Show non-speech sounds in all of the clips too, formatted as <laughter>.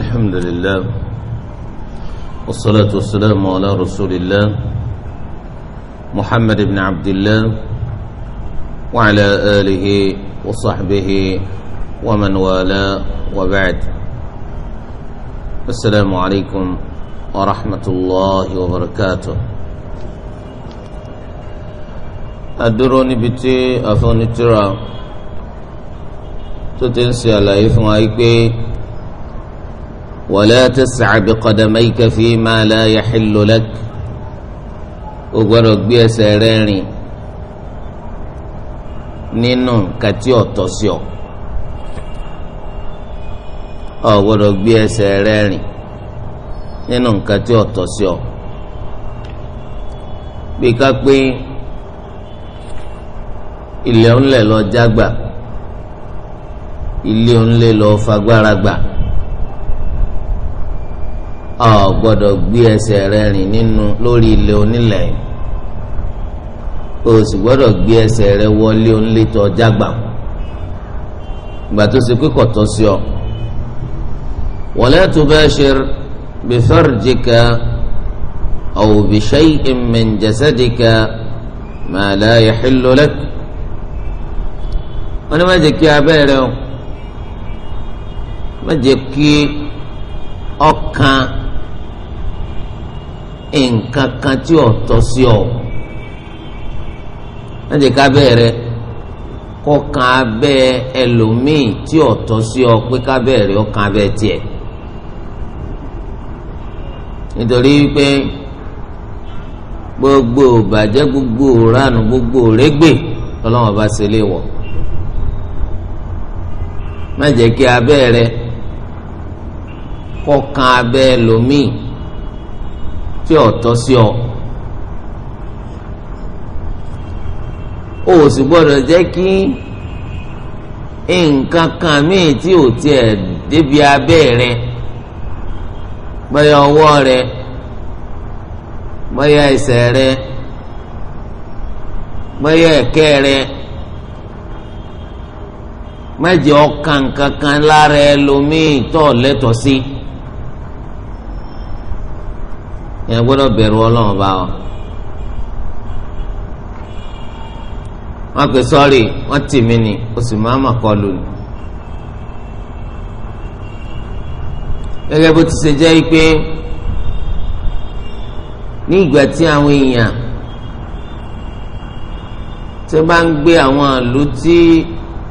الحمد لله والصلاة والسلام على رسول الله محمد بن عبد الله وعلى آله وصحبه ومن والاه وبعد السلام عليكم ورحمة الله وبركاته أدروني بتي أفوني ترى تتنسي على إفن أيكي ولا تسع بقدميك فيما لا يحل لك o gbọ́dọ̀ gbé ẹsẹ̀ rẹ rìn nínú kàtí ọ̀tọ̀ sí ọ o gbọ́dọ̀ gbé ẹsẹ̀ rẹ rìn nínú kàtí ọ̀tọ̀ sí ọ bí ká ilé ńlẹ̀ lọ jágbà ilé ńlẹ̀ lọ fagbára gbà. Ilé ọ gbọ́dọ̀ gbé ẹsẹ̀ rẹ rìn nínú lórí ilẹ̀ onílẹ̀ o sì gbọ́dọ̀ gbé ẹsẹ̀ rẹ wọlé onílétọ jágbà ìgbà tó ṣe pé kọtọ sí ọ wala tubashir bi farjika aw bi shay'in min jasadika ma la yahillu lak wọ́n ní má kí abẹ́ rẹ o má jẹ́ kí ọkàn. nǹkan kan tí ò tọ́ sí ọ láti ká bẹ̀rẹ̀ kọ́ kan abẹ́ ẹlòmíì tí ò tọ́ sí ọ pé ká bẹ̀rẹ̀ ọ kan abẹ́ tiẹ̀ nítorí pé gbogbo bàjẹ́ gbogbo ránù gbogbo rẹ́gbè ọlọ́wọ́n bá ṣe lé wọ̀ má jẹ́ kí abẹ́ rẹ kọ́ kan abẹ́ ẹlòmíì. tí ò tọ́ sí ọ. o sì gbọ́dọ̀ jẹ́ kí nǹkan kan míì tí ò tiẹ̀ débi abẹ́ rẹ bóyá ọwọ́ rẹ bóyá ẹsẹ̀ rẹ bóyá ẹ̀kẹ́ rẹ má jẹ́ ọkàn kankan lára ẹlòmíì tó lẹ́tọ̀ọ́ sí. Si ẹ gbọ́dọ̀ bẹ̀rù Ọlọ́run bá ọ. wọ́n pè sọ́ọ̀rì wọ́n tì mí ni o sì máa mà kọ lù ní. gẹ́gẹ́ bó ti ṣe jẹ́ pé ní ìgbà tí àwọn èèyàn tí bá ń gbé àwọn ìlú tí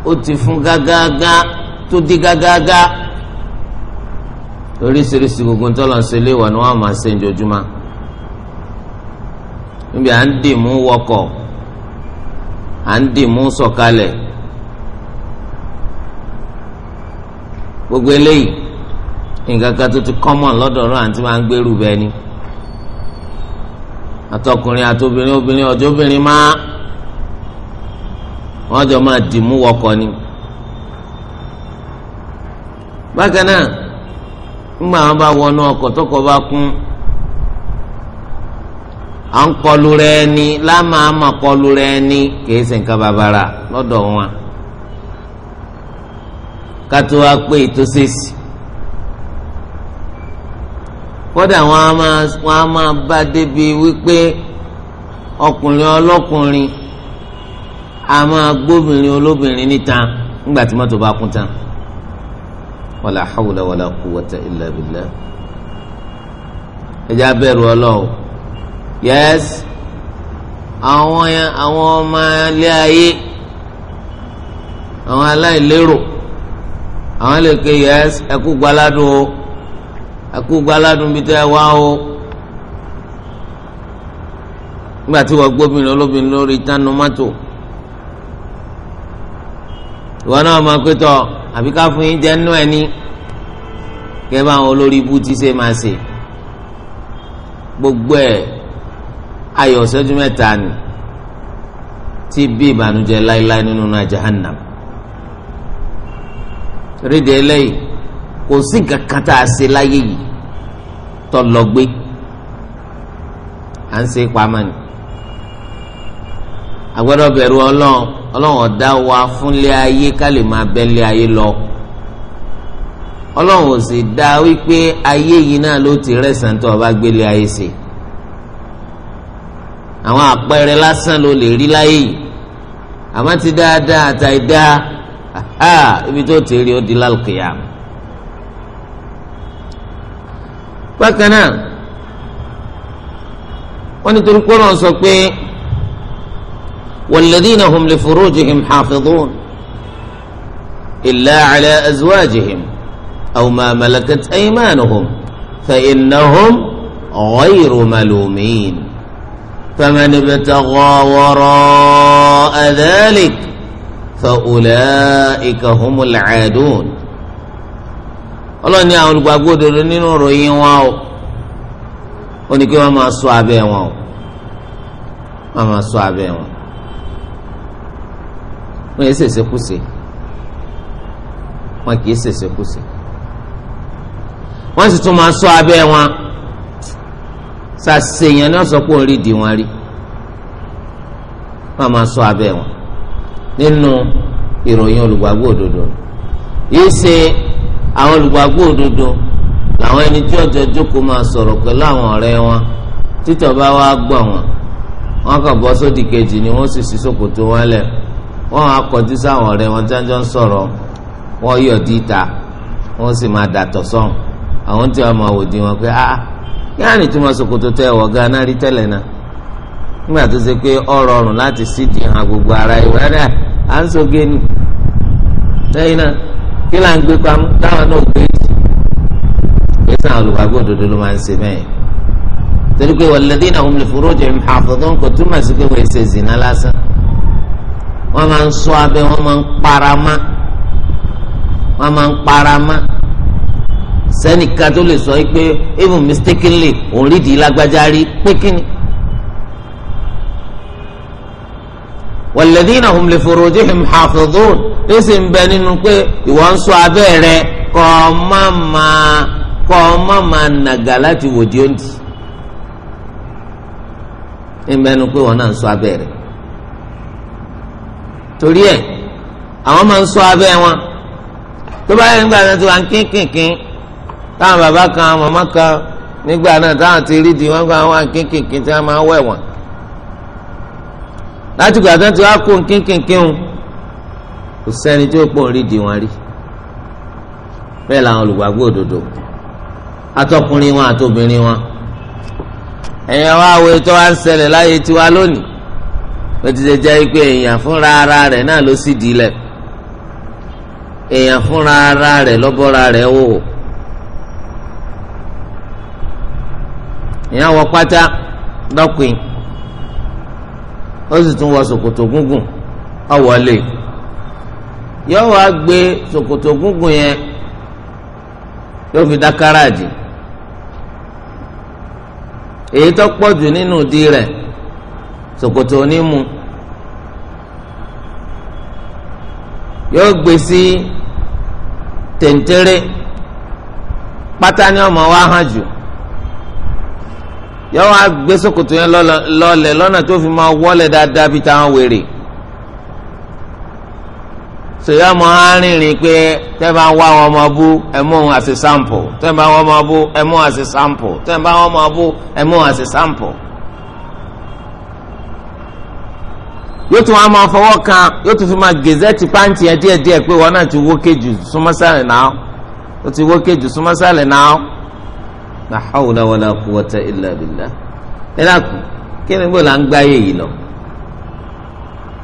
ó ti fún gágágá tó dé gágágá. Gá, oríṣiríṣi gbogbo ntọ́lọ̀ ń ṣe léwà ni wọ́n máa ṣe njojúmọ́ níbi à ń dìmú wọkọ̀ à ń dìmú sọ̀kalẹ̀ gbogbo eléyìí nǹkan kan tó ti kọ́mọ̀n lọ́dọ̀ọ́rọ́ àti máa ń gbèrú ni àtọkùnrin àti obìnrin obìnrin máa wọ́n jọ máa dìmú ni ńgbà wọn bá wọnú ọkọ̀ tọkọ̀ bá kún à ń kọlu rẹ ni láàmà àmà kọlu rẹ ni kìí ṣe nǹkan bàbàrà lọ́dọ̀ wọn kátó wa pé ìtòsíìsì kódà wọn a máa wọn a máa bá débi wípé ọkùnrin ọlọ́kùnrin a máa gbóbìnrin olóbìnrin níta ńgbà tí mọ́tò bá kún tán. wàlà hawla wàlà quwwata illa billah ẹjẹ abẹ̀rù Ọlọ́run yẹs àwọn àwọn ọmọ ilé ayé àwọn aláìlérò àwọn lè ke yẹs ẹkú gbaládùn o ẹkú gbaládùn bíi tẹ wá o nígbà tí wọ́n gbóbìnrin olóbìnrin lórí tánu ìwọ náà máa pé tọ́ àbí ká fún yín jẹ ẹni kẹ bá àwọn olórí ibú ti ṣe máa ṣe gbogbo ẹ ayọ̀ ọ̀sẹ́jú mẹ́ta ni tí bí ìbànújẹ́ láéláé nínú náà jahannam rídìí eléyìí kò sí nǹkan kan tá a ṣe láyé yìí tọ́ lọ gbé à ń ṣe pamọ́ ni agbọ́dọ̀ bẹ̀rù Ọlọ́run Ọlọ́run ọdá wa fúnlé ayé ká lè máa bẹlé ayé lọ Ọlọ́run ò sì dá wípé ayé yìí náà ló ti rẹsàn tó ọba gbélé ayé ṣe àwọn àpẹẹrẹ lásán ló lè rí láyé yìí àmọ́ ti dáadáa àtàìdá ibi tó ti rí ó di lálùkìyà bákan náà wọ́n nítorí pé wọ́n sọ pé. والذين هم لفروجهم حافظون إلا على أزواجهم أو ما ملكت أيمانهم فإنهم غير ملومين فمن ابتغى وراء ذلك فأولئك هم العادون الله إني àwọn olùgbàgbọ́ òdodo nínú واو إني كيما o wọ́n máa واو wọn yẹn ṣèṣe kùsè wọn kì í ṣèṣe kùsè wọn sì tún máa sọ abẹ́ wọn sàṣeyàn náà sọ pé òun rí di wọn rí wọn máa sọ abẹ́ wọn nínú ìròyìn olùgbàgbọ́ òdodo yìí ṣe àwọn olùgbàgbọ́ òdodo làwọn ẹni tí ọjọ́ jókòó máa sọ̀rọ̀ pẹ̀lú àwọn ọ̀rẹ́ wọn títọ́ bá wá gbọ́ wọn wọn kàn bọ́ sódì kejì ni wọ́n sì sí ṣòkòtò wọn lẹ̀ wọ́n á kọjú sáwọn wọn tí jọ ń sọ̀rọ̀ wọ́n yọ̀ díta wọ́n sì máa dàtọ̀ sọ̀n àwọn tí ma máa wò di wọn pé ah yáà ah, ní tí wọ́n ṣòkòtò tẹ ẹ̀wọ̀ gánà rí tẹ́lẹ̀ náà nígbà tó ṣe pé ó gbogbo ara ìwé rẹ̀ à ń ni náà kí là ń gbé táwọn náà gbé pé sáà òdodo ló máa ń ṣe wọ́n máa ń sọ abẹ́ wọ́n máa ń parama wọ́n máa ń parama sẹ́nìkan tó lè sọ pé even mistakenly òun di lágbájá rí pé kíni. walladhina hum li furujihim hafidhun ó sì ń bẹ nínú pé ìwọ ń sọ abẹ́ rẹ kọ́ ọ má máa kọ́ ọ má máa nàgà láti wòdì ó ń di. ń bẹ nínú pé wọn náà ń sọ abẹ́ rẹ. torí ẹ̀ àwọn máa ń ṣọ́ abẹ wọn tó bá yẹ nígbà náà wà kín kín kín táwọn bàbá kan màmá kan nígbà náà táwọn ti rí di wọn gba kín kín kín tí wọn máa wẹ̀ láti gbà tó ti wá kó kín kín kín o kò sẹ́ni tí ó pọ̀ rí di wọn rí làwọn olùgbàgbọ́ òdodo atọ́kùnrin wọn wọn ẹ̀yin wo ń ṣẹlẹ̀ láyé tiwa lónìí ó ti ṣe jẹ́ pé èèyàn fúnra ara rẹ̀ náà ló sì dílẹ̀ èèyàn fúnra ara rẹ̀ lọ́bọ̀ra rẹ̀ wò èèyàn wọ pátá dọ́kùn ó sì tún wọ ṣòkòtò gúngùn ọ̀wọ́lé yóò wá gbé ṣòkòtò gúngùn yẹn yóò fi dá káràjì èyí tó pọ̀ jù nínú ìdí rẹ̀ ṣòkòtò onímù yóò gbé sí tẹ̀ǹtẹ̀rẹ̀ pátá ni ọmọ wa hàn jù yóò wá gbé ṣòkòtò yẹn lọ́lẹ̀ lọ́nà tó fi máa wọlé dáadáa bíi táwọn wèrè sèyí ọmọ arìnrìn pé tẹ́ bá ń wá wọn ọmọ bú ẹmú àti sampo tẹ́ bá wọn ọmọ bú ẹmú àti sampo tẹ́ bá wọn ọmọ bú ẹmú àti sampo. yóò tún wọn máa fọwọ́ kan yóò tún fi máa gẹ̀zẹ́tì pàǹtì ẹ̀ díẹ̀díẹ̀ pé wọn náà ti wó kejì súnmọ́sálẹ̀ náà ó ti wó kejì súnmọ́sálẹ̀ náà la hawla wala quwwata illa billah ẹ dákun kí ni gbọ́dọ̀ à ń gbáyé yìí lọ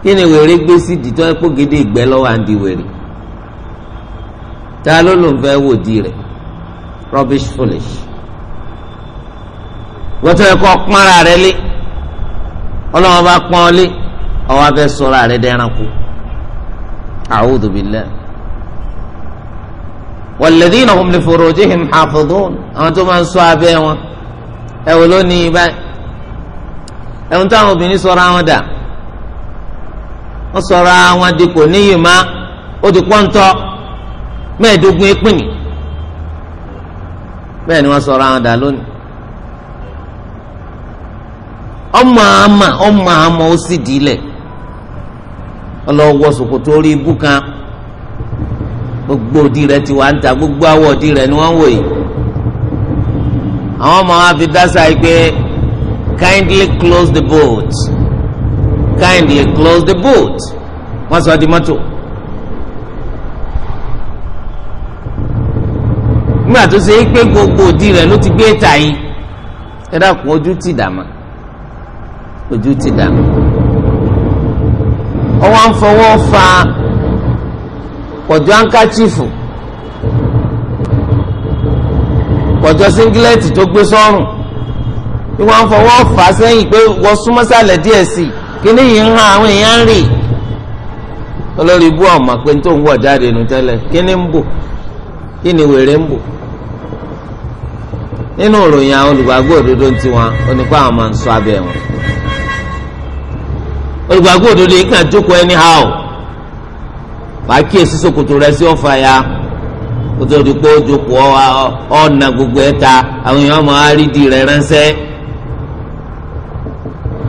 kí ni wèrè gbé sí dìtọ́ ẹ kó ìgbẹ́ lọ́wọ́ à ń di wèrè ta ló ló ń fẹ́ wò di rẹ̀ rubbish foolish wọ́n tó yẹ kó pọ́nra rẹ lé ọlọ́wọ́n bá pọ́n lé. ọwọ́ abẹ́ sọ̀rọ̀ àrẹ dẹ́ranko a'udhu billah walladhina hum li furujihim hafidhun àwọn tó máa ń ṣọ́ abẹ́ wọn ẹ wò ló báyìí ẹ̀hún táwọn obìnrin sọ̀rọ̀ àwọn dà wọ́n sọ̀rọ̀ àwọn dikò níyì má ó pọ́ńtọ́ bẹ́ẹ̀ ni dà lónìí ọmọ ọmọ ó ọlọ́wọ́ sòkòtò orí ibú kan gbogbo òdì rẹ ti wà ń ta gbogbo awọ òdì rẹ ni wọ́n wò yìí àwọn ọmọ wa fi dásà yìí pé kindly close the boat kindly close the boat wọ́n sọ di mọ́tò. nígbà tó ṣe é pé gbogbo òdì rẹ ló ti gbé ta yín ẹ dákun ojú ti dàmà ojú ti dàmà. ọwọ́ ń fọwọ́ fa pọ̀jọ́ ankachifu pọ̀jọ́ singilẹ́tì tó gbé sọ́rùn bí wọ́n ń fọwọ́ fà á sẹ́yìn pé wọ́n súnmọ́ sálẹ̀ díẹ̀ sí i kíní yìí ń han àwọn èèyàn ń rì olórí ibú ọ̀mà pé tó ń wọ̀ jáde nù tẹ́lẹ̀ kíní ń bò kí ni wèrè ń bò nínú ìròyìn olùgbàgbọ́ òdodo yìí kàn jókòó anyhow wàá kíyèsí ṣòkòtò rẹ sí ọ̀fà ya kótó di pé ó jókòó ọ̀nà gbogbo ẹ̀ ta àwọn èèyàn máa rí di rẹ̀ ránṣẹ́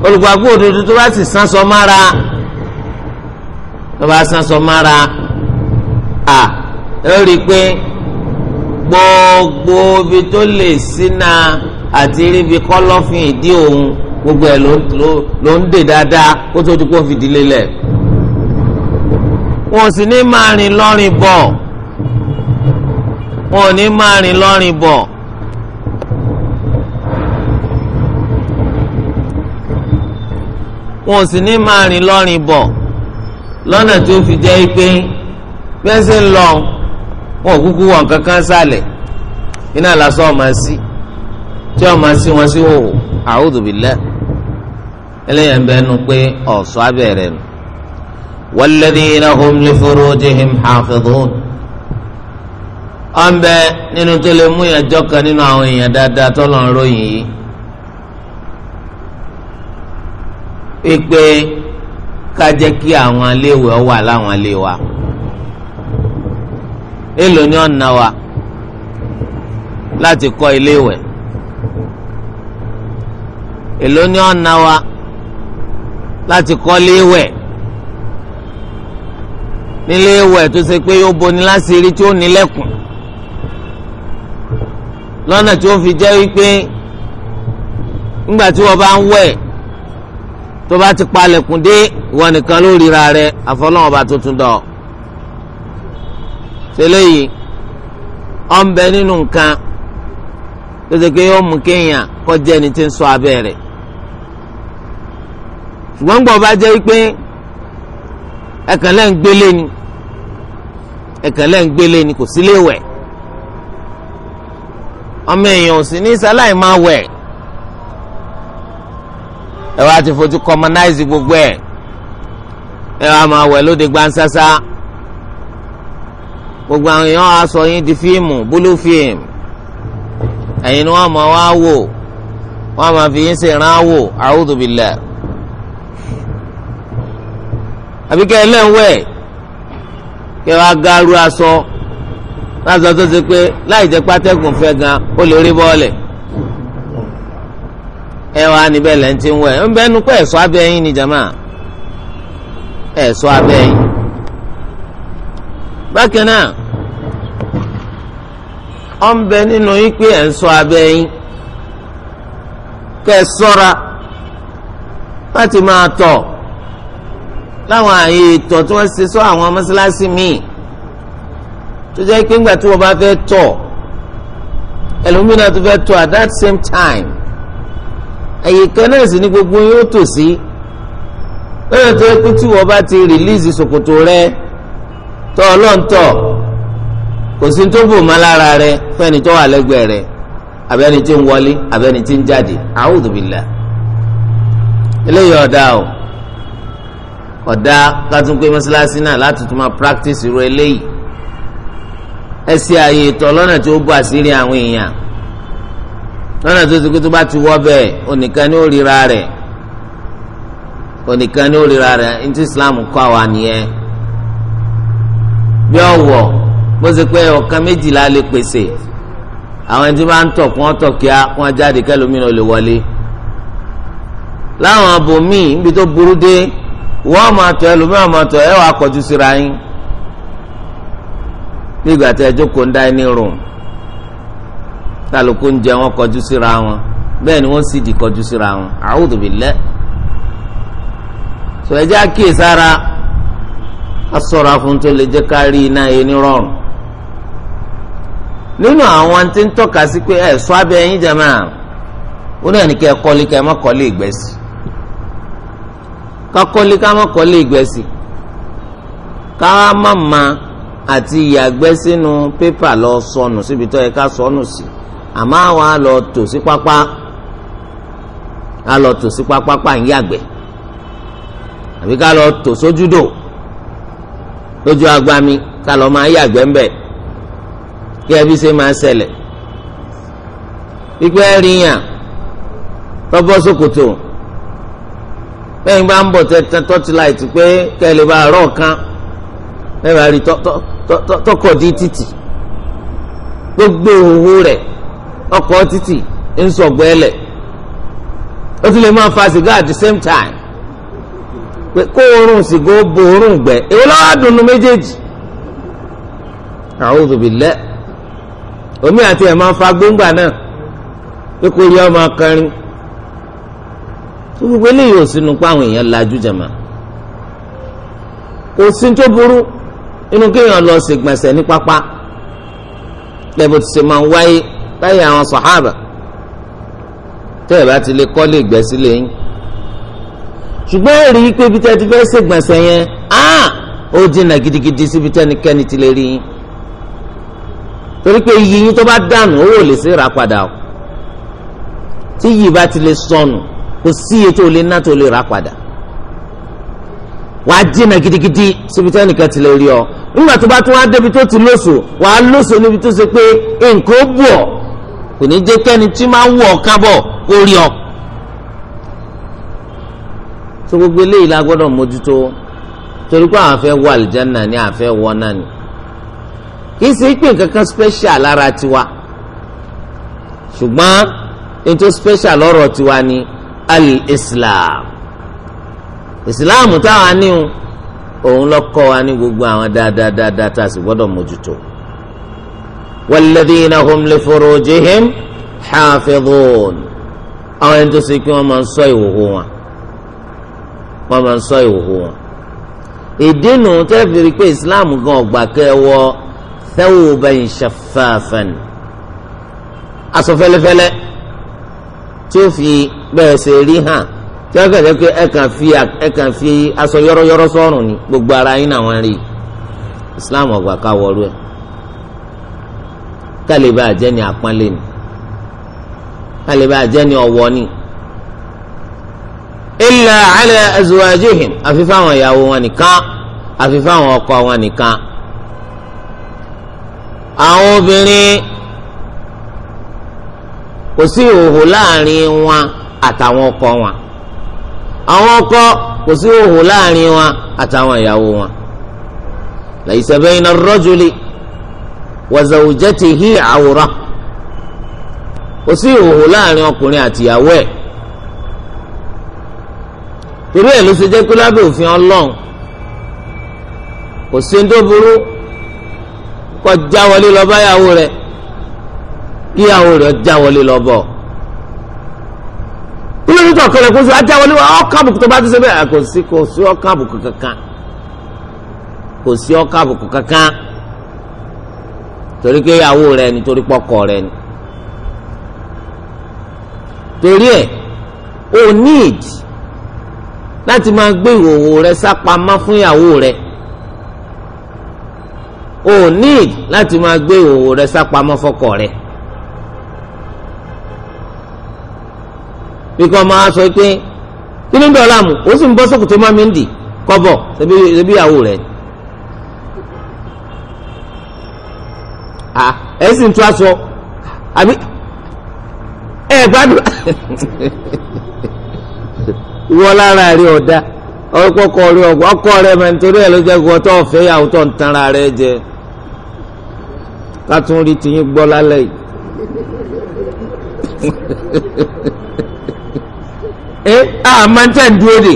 olùgbàgbọ́ òdodo tó bá sì sán sọ mára tó bá sán sọ mára à ẹ rí i pé gbogbo ibi tó lè sínà àti ríbi kọ́lọ́fín ìdí òun gbogbo ẹ̀ ló ń dè dáadáa kó tó ti kó fìdí lélẹ̀ wọn ò sì ní máa rìn lọ́rìn bọ̀ wọn ò ní máa rìn lọ́rìn bọ̀. wọn ò sì ní máa rìn lọ́rìn bọ̀ lọ́nà tó fi jẹ́ pé bẹ́sẹ̀ ń lọ wọn ò kúkú wọn kankan sálẹ̀ iná lásán ọmọ sí tí ọmọ sí wọn sí hòhò a'udhu billah. eléyà ń bẹnu pé ọ̀sọ́ abẹ́rẹ́ nù. walladhina hum li furujihim hafidhun. ọ̀n bẹ nínú tó lè mú ìyànjọ́ kan nínú àwọn èèyàn dáadáa tó lọ́n ròyìn yìí. wípé ká kí àwọn aléwé wà láwọn aléwà. èèlò ni ọ̀nà wa láti kọ́ iléèwẹ̀ èló ni ọ̀nà wa láti kọ́ léwẹ̀ nílé wẹ̀ tó ṣe pé yóò boni láṣìírí tí ó nílẹ̀kùn lọ́nà tí ó fi jẹ́ wípé ńgbà tí wọ́n bá ń wẹ̀ tó bá ti palẹ̀kùn dé ìwọ nìkan ló ríra rẹ àfọlọ́wọn tuntun dọ̀ ṣẹlẹ̀ yìí ọ̀nbẹ nínú nǹkan tó ṣe pé yóò mú kéèyàn kọjá ẹni tí ń ṣọ́ abẹ́ rẹ̀ ṣùgbọ́n gbọ́ bá jẹ́ pé ẹ̀kànlẹ́ ń gbélé ni ẹ̀kànlẹ́ ń gbélé ni kò sílé wẹ̀ ọmọ èèyàn ò sí ní sáláì máa wẹ̀ ẹ wá ti fojú commonize gbogbo ẹ̀ ẹ wá máa wẹ̀ lóde gbansasa gbogbo àwọn èèyàn á yín di fíìmù búlú fíìmù ẹ̀yin ni wọ́n máa wá wò wọ́n máa fi yín ṣèrànwọ́ a'udhu billah. àbí kẹ́ ẹ lẹ́ǹwẹ̀ kẹ́ wàá garu aṣọ lásọ tó ti pé láì jẹ́ pátẹ́kùn fẹ́ gan ó lè rí bọ́ọ̀lẹ̀ ẹ wàá níbẹ̀ lẹ́ ń ti wẹ̀ ń bẹ́ẹ̀ nu pé ẹ̀ṣọ́ abẹ́yìn ni jama ẹ̀ṣọ́ abẹ́yìn bákan náà ọ ń bẹ nínú yín pé ẹ̀ ń ṣọ́ abẹ́ kẹ́ ẹ ṣọ́ra láti máa tọ̀ láwọn àyè ètò tí wọ́n ṣe sọ àwọn mọ́ṣáláṣí míì tó jẹ́ pé ńgbà tí wọ́n bá fẹ́ tọ̀ ẹlòmínà tó fẹ́ tọ̀ at that same time àyè kan náà sì ni gbogbo yóò tò sí lọ́dọ̀ tó yẹ pé tí wọ́n bá ti rìlíìsì ṣòkòtò rẹ̀ tọ́ ọlọ́ǹtọ̀ kò sí tó bò má lára rẹ̀ fún ẹni tó wà lẹ́gbẹ̀ẹ́ rẹ̀ abẹ́ni tí ń wọlé abẹ́ni tí ń jáde a'udhu billah eléyìí ọ̀dà o kódà kátó pé mọ́sálásí náà láti tún máa practice irú eléyìí ẹ ṣe àyè ètò lọ́nà tí ó bọ́ àṣírí àwọn èèyàn lọ́nà tó ti kú tó bá ti wọ́ bẹ́ẹ̀ onìkan ní òrìra rẹ̀ onìkan ní òrìra rẹ̀ ní ti Islam kọ́ àwa nìyẹn bí ọ̀wọ̀ bó ṣe pé ọ̀kan méjìlá lè pèsè àwọn ẹni tí wọ́n bá ń tọ̀ kí wọ́n tọ̀ kíá wọ́n jáde kẹ́lòmínú lè wọlé láwọn abòmíì níbi tó burú dé wọ́n máa tọ́ ẹlòmíràn máa tọ́ ẹ wàá kọjú síra yín nígbà tí ẹ jókòó ń dining room kálukú ń jẹ wọn kọjú síra wọn bẹ́ẹ̀ ni wọ́n sì di kọjú síra wọn a'udhu billah sọ ẹ jẹ́ àkíyèsára asọ̀rọ̀ afun tó lè jẹ́ ká rí iná yẹn ní rọrùn nínú àwọn tí ń tọ́ka sí pé ẹ̀ sọ abẹ́ yín jẹ́ máa ó náà ní kẹ́ ẹ kọ́lé kẹ́ ẹ má kọ́lé ìgbẹ́sì kakọ́lé ká má kọ́lé ìgbẹ́sì ká má ma àti ìyàgbẹ́ sínú pépà lọ sọnù síbi tó yẹ ká sọnù sí àmọ́ àwa lọ tò sí pápá a lọ tò sí pápá pa ń yàgbẹ́ àbí ká lọ tò sójúdò lójú agbami ká lọ máa yàgbẹ́ ńbẹ̀ kí ẹbí ṣe máa ṣẹlẹ̀ pípẹ́ ríyàn tọ́bọ́ So bẹ́ẹ̀ bá ń bọ̀ tẹ tọ́tí láìtì pé kẹ́lẹ́ bá rọ̀ kan bẹ́ẹ̀ bá rí tọkọ̀ dí títì gbogbo òwò rẹ̀ ọkọ̀ títì ń sọ̀gbọ́ ẹlẹ̀ ó tún lè máa fa sìgá at the same time pé kó oorun sìgá ó bo oorun gbẹ èwo lọ́wọ́ àdùnnú méjèèjì a'udhu billah omi àti ẹ̀ máa fa gbóngbà náà pé kó yẹ ọmọ akẹrin gbogbo eléyìí ò sínú pé àwọn èèyàn lajú jàmá kò sí tó burú inú kéèyàn lọ ṣègbọ̀nsẹ̀ ní pápá lẹ́bù tí ṣe máa ń wáyé láyé àwọn sàhábà tẹ́ ẹ̀ bá ti lè kọ́ lè gbẹ́ sílé yín ṣùgbọ́n èrè yìí pé ibi tẹ́ ti fẹ́ ṣègbọ̀nsẹ̀ yẹn ó jìnnà gidigidi síbi tẹ́nikẹ́ni ti lè rí yín torí pé iyì yín tó bá dànù owó lè ṣe rà padà tí yìí bá ti lè sọnù kò sí iye tó lè ná tó lè rà padà wàá jìnnà gidigidi síbi tẹ́ nìkan ti lè rí ọ nígbà tó bá tún wá débi tó ti lóṣù wàá lóṣù níbi tó ṣe pé nǹkan ó bù ọ kò ní jẹ́ kẹ́ni tí máa ń wọ ọ kábọ̀ kó rí ọ. tó gbogbo eléyìí la gbọ́dọ̀ mójútó torí pé àwọn afẹ́ wọ àlìjáná ni àfẹ́ wọ náà ni kì í ṣe pé nǹkan kan special lára tiwa ṣùgbọ́n ètò special lọ́rọ̀ tiwa ni al-islam ìsìláàmù táwọn aníhun òun lọ kọ́ wa ní gbogbo àwọn dáadáa dáadáa tá a sì gbọ́dọ̀ mójútó walladhina hum li furujihim hafidhun àwọn ẹni tó ṣe kí wọ́n máa ń ṣọ́ ìhòhò wọn wọ́n máa ń ṣọ́ ìhòhò wọn ìdínú tẹ́fìrí pé ìsìláàmù gan ọgbà kẹwọ thawban shaffafan aṣọ fẹ́lẹ́fẹ́lẹ́ tí ó fi bẹ́ẹ̀ ṣe rí hàn tí wọ́n kàn jẹ́ pé ẹ kàn fi ẹ kàn fi aṣọ yọ́rọ́yọ́rọ́ sọ́rùn ni gbogbo ara yín náà wọ́n rí Islam ọ̀gbà ká wọlú ẹ̀ kálíbà jẹ́ ni àpọ́nlé ni kálíbà jẹ́ ni ọ̀wọ́ ni illa ala azwajihim àfi fáwọn ìyàwó wọn nìkan àfi fáwọn ọkọ wọn nìkan àwọn obìnrin kò sí ìhòòhò láàrin wọn àtàwọn ọkọ wọn àwọn ọkọ kò sí òhò láàrin wọn àtàwọn ìyàwó wọn laysa bayna ar-rajuli wa zawjatihi awra kò sí òhò láàrin ọkùnrin àtìyàwó ẹ̀ torí ẹ̀ ló ṣe jẹ́ pé lábẹ́ òfin Ọlọ́run kò sí ní tó burú kó wọlé lọ báyàwó rẹ̀ kíyàwó rẹ̀ já wọlé lọ bọ̀ ilé nítorí ọ̀kan lẹ́kọ̀ọ́ sí ajá wọlé ọ̀kan àbùkù tó bá ti ṣe bẹ́ẹ̀ kò sí kò sí ọ̀kan àbùkù kankan kò sí ọ̀kan àbùkù kankan torí pé ìyàwó rẹ ni torí pọ́kọ rẹ ni torí ẹ̀ o need láti máa gbé ìhòòhò rẹ sápamọ́ fún ìyàwó rẹ o need láti máa gbé ìhòòhò rẹ sápamọ́ fọ́kọ rẹ. bíkọ́ máa sọ pé kí ni dọ́là mu ó sì ń bọ́ sókòtò má mi ń dì kọ́bọ̀ ṣebí ìyàwó rẹ̀ ẹ sì ń tú aṣọ àbí ẹ gbádùn <laughs> ìwọ lára rí ọ̀dà ọkọ rí ọgbọ ọkọ rẹ mẹ nítorí ẹ ló jẹ kó ọtọ ọ̀fẹ́ yàwó tó ń tanra rẹ jẹ ká tún rí tiyín gbọ́ lálẹ́ yìí. <laughs> ẹ àmọ́ tẹ̀ ń dúró dè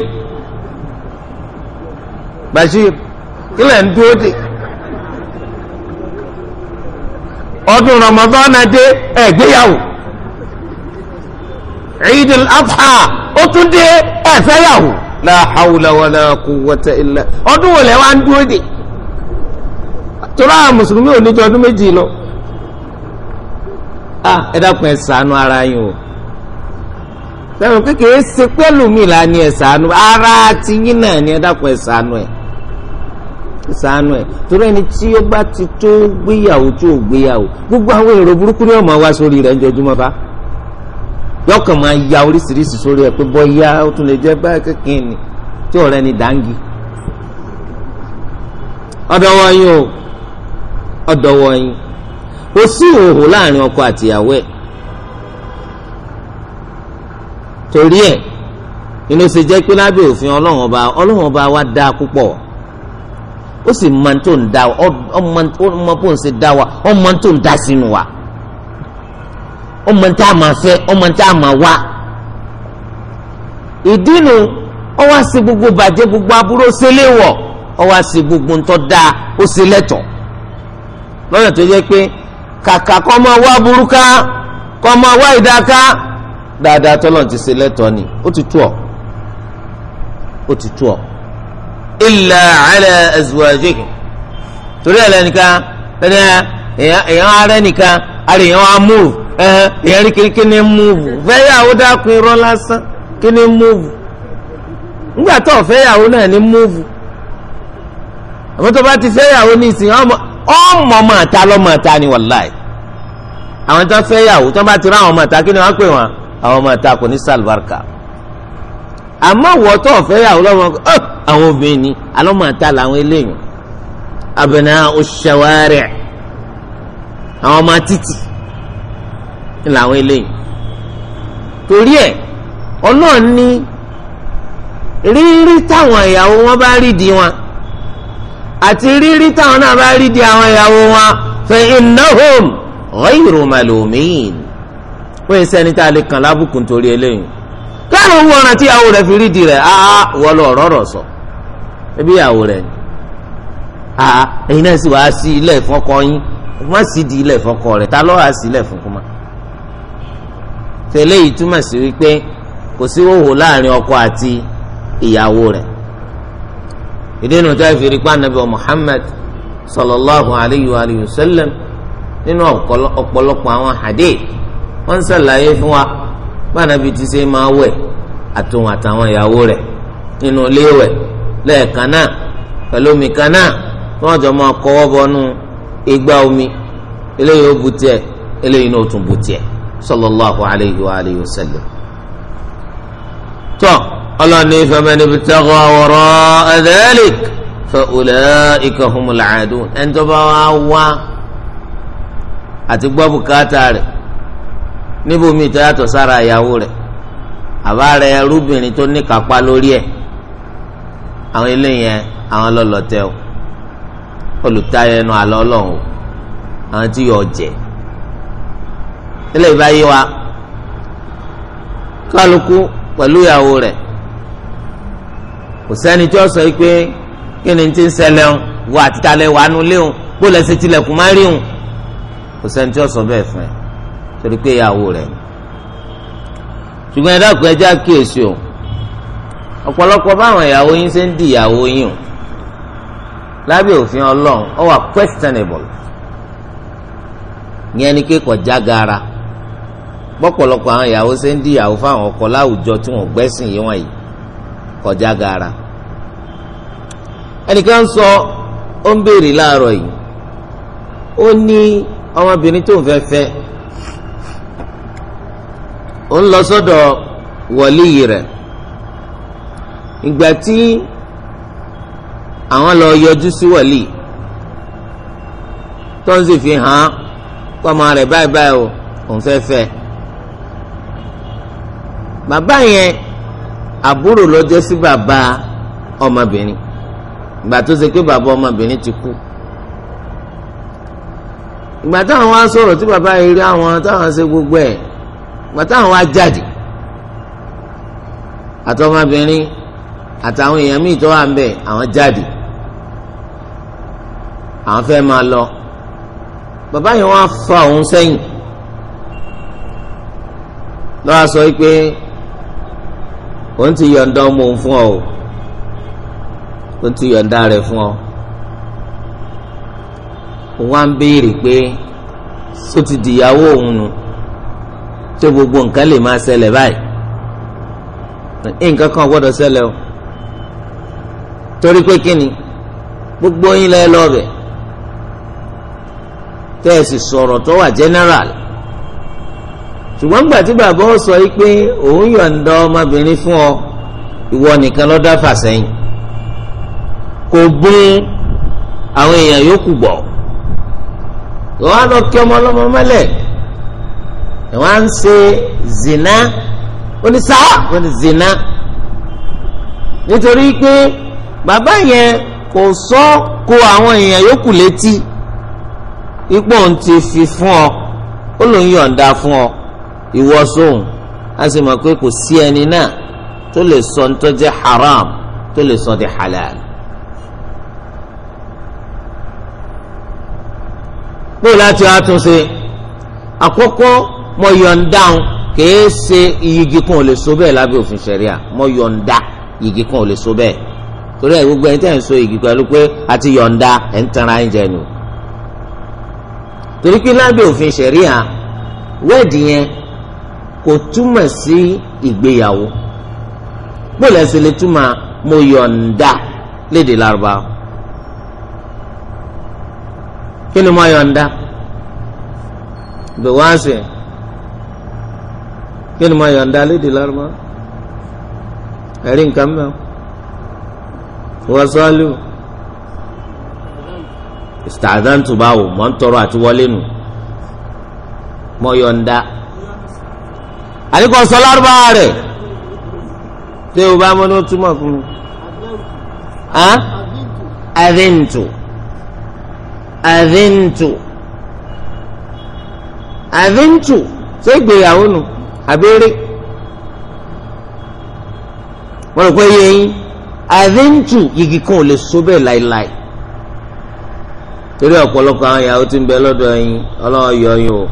Bashir kílẹ̀ ń dúró dè ọdún Ramadan dé ẹ̀gbéyàwó Eid al-Adha ó tún dé ẹ̀fẹ́yàwó la hawla wala quwwata illa ọdún wo lẹ́wà ń dúró dè tora mùsùlùmí ò ní ju ọdún méjì lọ ah, ẹ dákun ẹ ṣàánú ara yín o. sẹ́wọ̀n kékeré ṣe pẹ́lú mi là ní ẹ̀sánú ara ti yín náà ní ẹ̀dàkùn ẹ̀sánú ẹ̀ ẹ̀sánú ẹ̀ torí ẹni tí ó bá ti tó gbéyàwó tó gbéyàwó gbogbo àwọn èrò burúkú ni ọmọ wa sórí rẹ̀ ń jọjúmọ́ bá yọkàn máa ya oríṣiríṣi sórí ẹ̀ pé bọ́yá ó tún lè jẹ́ báyìí kékeré ni tí ọ̀rẹ́ ni dáńgì ọ̀dọ̀wọ̀nyí o ọ̀dọ̀wọ̀nyí o sí ìhòòhò láàrin ọkọ àtìyàwó ẹ̀ torí ẹ̀ inú ṣe jẹ́ pé lábẹ́ òfin ọlọ́run ọba ọlọ́run ọba wa dáa púpọ̀ ó sì máa tó ń dá ọmọ bó ń ṣe dá wa ọmọ tó ń dá sínú wa ọmọ tá a máa fẹ́ ọmọ tá a máa wá ìdínú ọwọ́ sí gbogbo bàjẹ́ gbogbo aburú ṣe léwọ̀ ọwọ́ sí gbogbo ńtọ́ dáa ó ṣe lẹ́tọ̀ lọ́nà tó jẹ́ pé kàkà kọ́ máa wá burúkú kọ́ máa wá ìdáká dáadáa tọ́lọ̀ ti ṣe ni ó ọ ó ti tú ọ. illa ala azwajihim torí ẹ̀ lẹ́nìkan tẹ́lẹ̀ èèyàn ara ẹnìkan ara èèyàn á múùvù èèyàn rí kiri kí ni feyawo fẹ́yàwó dákun irọ́ lásán kí ni múùvù nígbà tó náà ni tó bá ti ní ìsìn ọmọ ta ni àwọn tó fẹ́yàwó tó bá ti àwọn àwọn ọmọ ìta kò ní sàlùbáríkà àmọ́ wọ́n tó ọ̀fẹ́ yà wọ́n lọ́mọ ọ́ àwọn obìnrin ni alọ́mọ ìta làwọn eléyìí abẹ̀nà òṣèwárẹ̀ àwọn ọmọ títì ni làwọn eléyìí torí ẹ̀ ọlọ́run ní rírí táwọn ìyàwó wọn bá rí di wọn àti rírí táwọn náà bá rí di àwọn ìyàwó wọn fa innahum ghayru malumin wọ́n yẹn sẹ́ni tá a lè kàn lábùkù nítorí eléyìí káàró owó ọ̀ràn tí ìyàwó rẹ̀ fi rídi rẹ̀ áá wọ́n lọ ọ̀rọ̀ sọ ebi ìyàwó rẹ̀ ni áá ẹ̀yin náà sì wáá sí ilé ìfọkọ yín má sì di ilé ìfọkọ rẹ̀ ta lọ́ọ́ àsì ilé ìfọkọ́mọ́ tẹ̀lé yìí túmọ̀ sí wípé kò sí òhò láàrin ọkọ àti ìyàwó rẹ̀ ìdínú tó fi rí pàànàbí Muhammad sallallahu alayhi wa sallam nínú ọ̀pọ̀lọpọ̀ àwọn hadith wọ́n ń ṣàlàyé fún wa bánabi ti ṣe máa wẹ̀ àtòun àtàwọn ìyàwó rẹ̀ nínú iléèwẹ̀ lẹ́ẹ̀kan náà pẹ̀lú omi kan náà tí wọ́n jọ máa kọ́wọ́ bọnú igbá omi eléyìí ó bu tiẹ̀ eléyìí náà ó tún bu tiẹ̀ sallallahu alayhi wa alayhi wa sallam. tọ́ ọlọ́ni faman ibtagha wara'a dhalik fa ulaika humul aadun ẹni tó bá wá wá àti gbọ́ bùkátà rẹ̀ níbo mi tó yàtọ̀ sára ìyàwó rẹ̀ àbá rẹ̀ rúbìnrin tó ní kápá lórí ẹ̀ àwọn eléyẹn àwọn lọ́lọ́tẹ̀ o olùtayọ ẹnu àlọ́ ọlọ́run o àwọn tí yọ jẹ eléyìí bá yé wa kálukú pẹ̀lú ìyàwó rẹ̀ kò sẹ́ni tí ó sọ pé kí ni ti ń ṣẹlẹ̀ ń wo àtitalẹ̀ wà á nu bó lẹ́sẹ̀ tilẹ̀kùn má rí hùn kò sẹ́ni tí ó sọ bẹ́ẹ̀ fún ẹ torí pé ìyàwó rẹ̀ ṣùgbọ́n ẹ dákun ẹjẹ́ àkíyèsí o ọ̀pọ̀lọpọ̀ báwọn ìyàwó yín ṣe ń di ìyàwó yín o lábẹ́ òfin ọlọ́run ó wà questionable yẹn ni pé kò jágara pọ̀pọ̀lọpọ̀ àwọn ìyàwó ṣe ń di ìyàwó fáwọn ọkọ láwùjọ tí wọ́n gbẹ́sìn yìí wọ̀nyí kò jágara ẹnìkan sọ ó ń béèrè láàárọ̀ yìí ó ní ọmọbìnrin tó ń fẹ́ fẹ́ ó ń lọ sọ́dọ̀ wọ̀líyì rẹ̀ ìgbà tí àwọn lọ yọjú sí wọ̀lí tó ń sì fi hàn án pọ́nmọ rẹ̀ báyìí báyìí o òun fẹ́ fẹ́ bàbá yẹn àbúrò ló jẹ́ sí bàbá ọmọbìnrin ìgbà tó ṣe pé bàbá ọmọbìnrin ti kú ìgbà táwọn wá sọ̀rọ̀ tí bàbá yìí rí àwọn táwọn ṣe gbogbo ẹ̀ gbàtà àwọn ajáde àtọmọbìnrin àtàwọn èèyàn míì tó wà ń bẹ àwọn jáde àwọn fẹ́ máa lọ bàbá yẹn wọ́n á fa òun sẹ́yìn lọ́wọ́ sọ pé òun ti yọ̀ǹda ọmọ òun fún ọ o òun ti yọ̀ǹda rẹ̀ fún ọ òun á ń béèrè pé sọ ti dìyàwó òun nù. No ṣé gbogbo nǹkan lè máa ṣẹlẹ̀ báyìí nǹkan kan gbọ́dọ̀ ṣẹlẹ̀ o torí pé kíni gbogbo yín lẹ́ lọ́ọ̀bẹ̀ tẹ́ ẹ sì sọ̀rọ̀ tó wà general ṣùgbọ́n nígbà tí bàbá ọ sọ yìí pé òun yọ̀ǹda ọmọbìnrin fún ọ ìwọ nìkan ló dáfà sẹ́yìn kò bún àwọn èèyàn yòókù gbọ́ wọ́n á lọ kí ọmọ ọlọ́mọ mọ́lẹ̀ ẹ̀ wọ́n ń ṣe zina oníṣà wọ́n ní zina nítorí pé bàbá yẹn kò sọ ko àwọn èèyàn yòókù létí ipò ń ti fi fún ọ ó ló ń yọ̀ǹda fún ọ ìwọ sóhun a sì mọ̀ pé kò sí ẹni náà tó lè sọ tó jẹ́ haram tó lè sọ di halal. bó láti wá tún ṣe àkọ́kọ́ mo yọ̀ǹda òun kèé ṣe iyigi kan ò lè so bẹ́ẹ̀ lábẹ́ òfin ṣẹ̀ríà mo yọ̀ǹda iyigi kan ò lè so bẹ́ẹ̀ torí ẹ̀ gbogbo ẹni tẹ́ ń so iyigi pẹ̀lú pé àti yọ̀ǹda ẹ̀ ń tanra ẹ̀ jẹ nù torí pé lábẹ́ òfin ṣẹ̀ríà wẹ́ẹ̀dì yẹn kò túmọ̀ sí ìgbéyàwó bóòlù ẹsẹ̀ lè túmọ̀ mo yọ̀ǹda léde lárúbá kí ni mo yọ̀ǹda bẹ̀ wá sí i kí ni mo yọ̀ǹda lédè lárúbá ẹ̀rí nǹkan mẹ́wọ́ wọ́sọ́lù ìsítàdántù báwo mọ̀ ń tọrọ àti wọlé nù mọ̀ yọ̀ǹda àdìgbò sọ lárúbá rẹ̀ tí o bá mọ́ ní o túmọ̀ fún mi adintu adintu adintu ṣé ìgbéyàwó nù. No? àbẹ́rẹ́ wọ́n rò pé yẹ yín àdéǹtù igi kan ò lè so bẹ́ẹ̀ láéláé torí ọ̀pọ̀lọpọ̀ àwọn ìyàwó tí ń bẹ lọ́dọ̀ yín ọlọ́run yọ yín o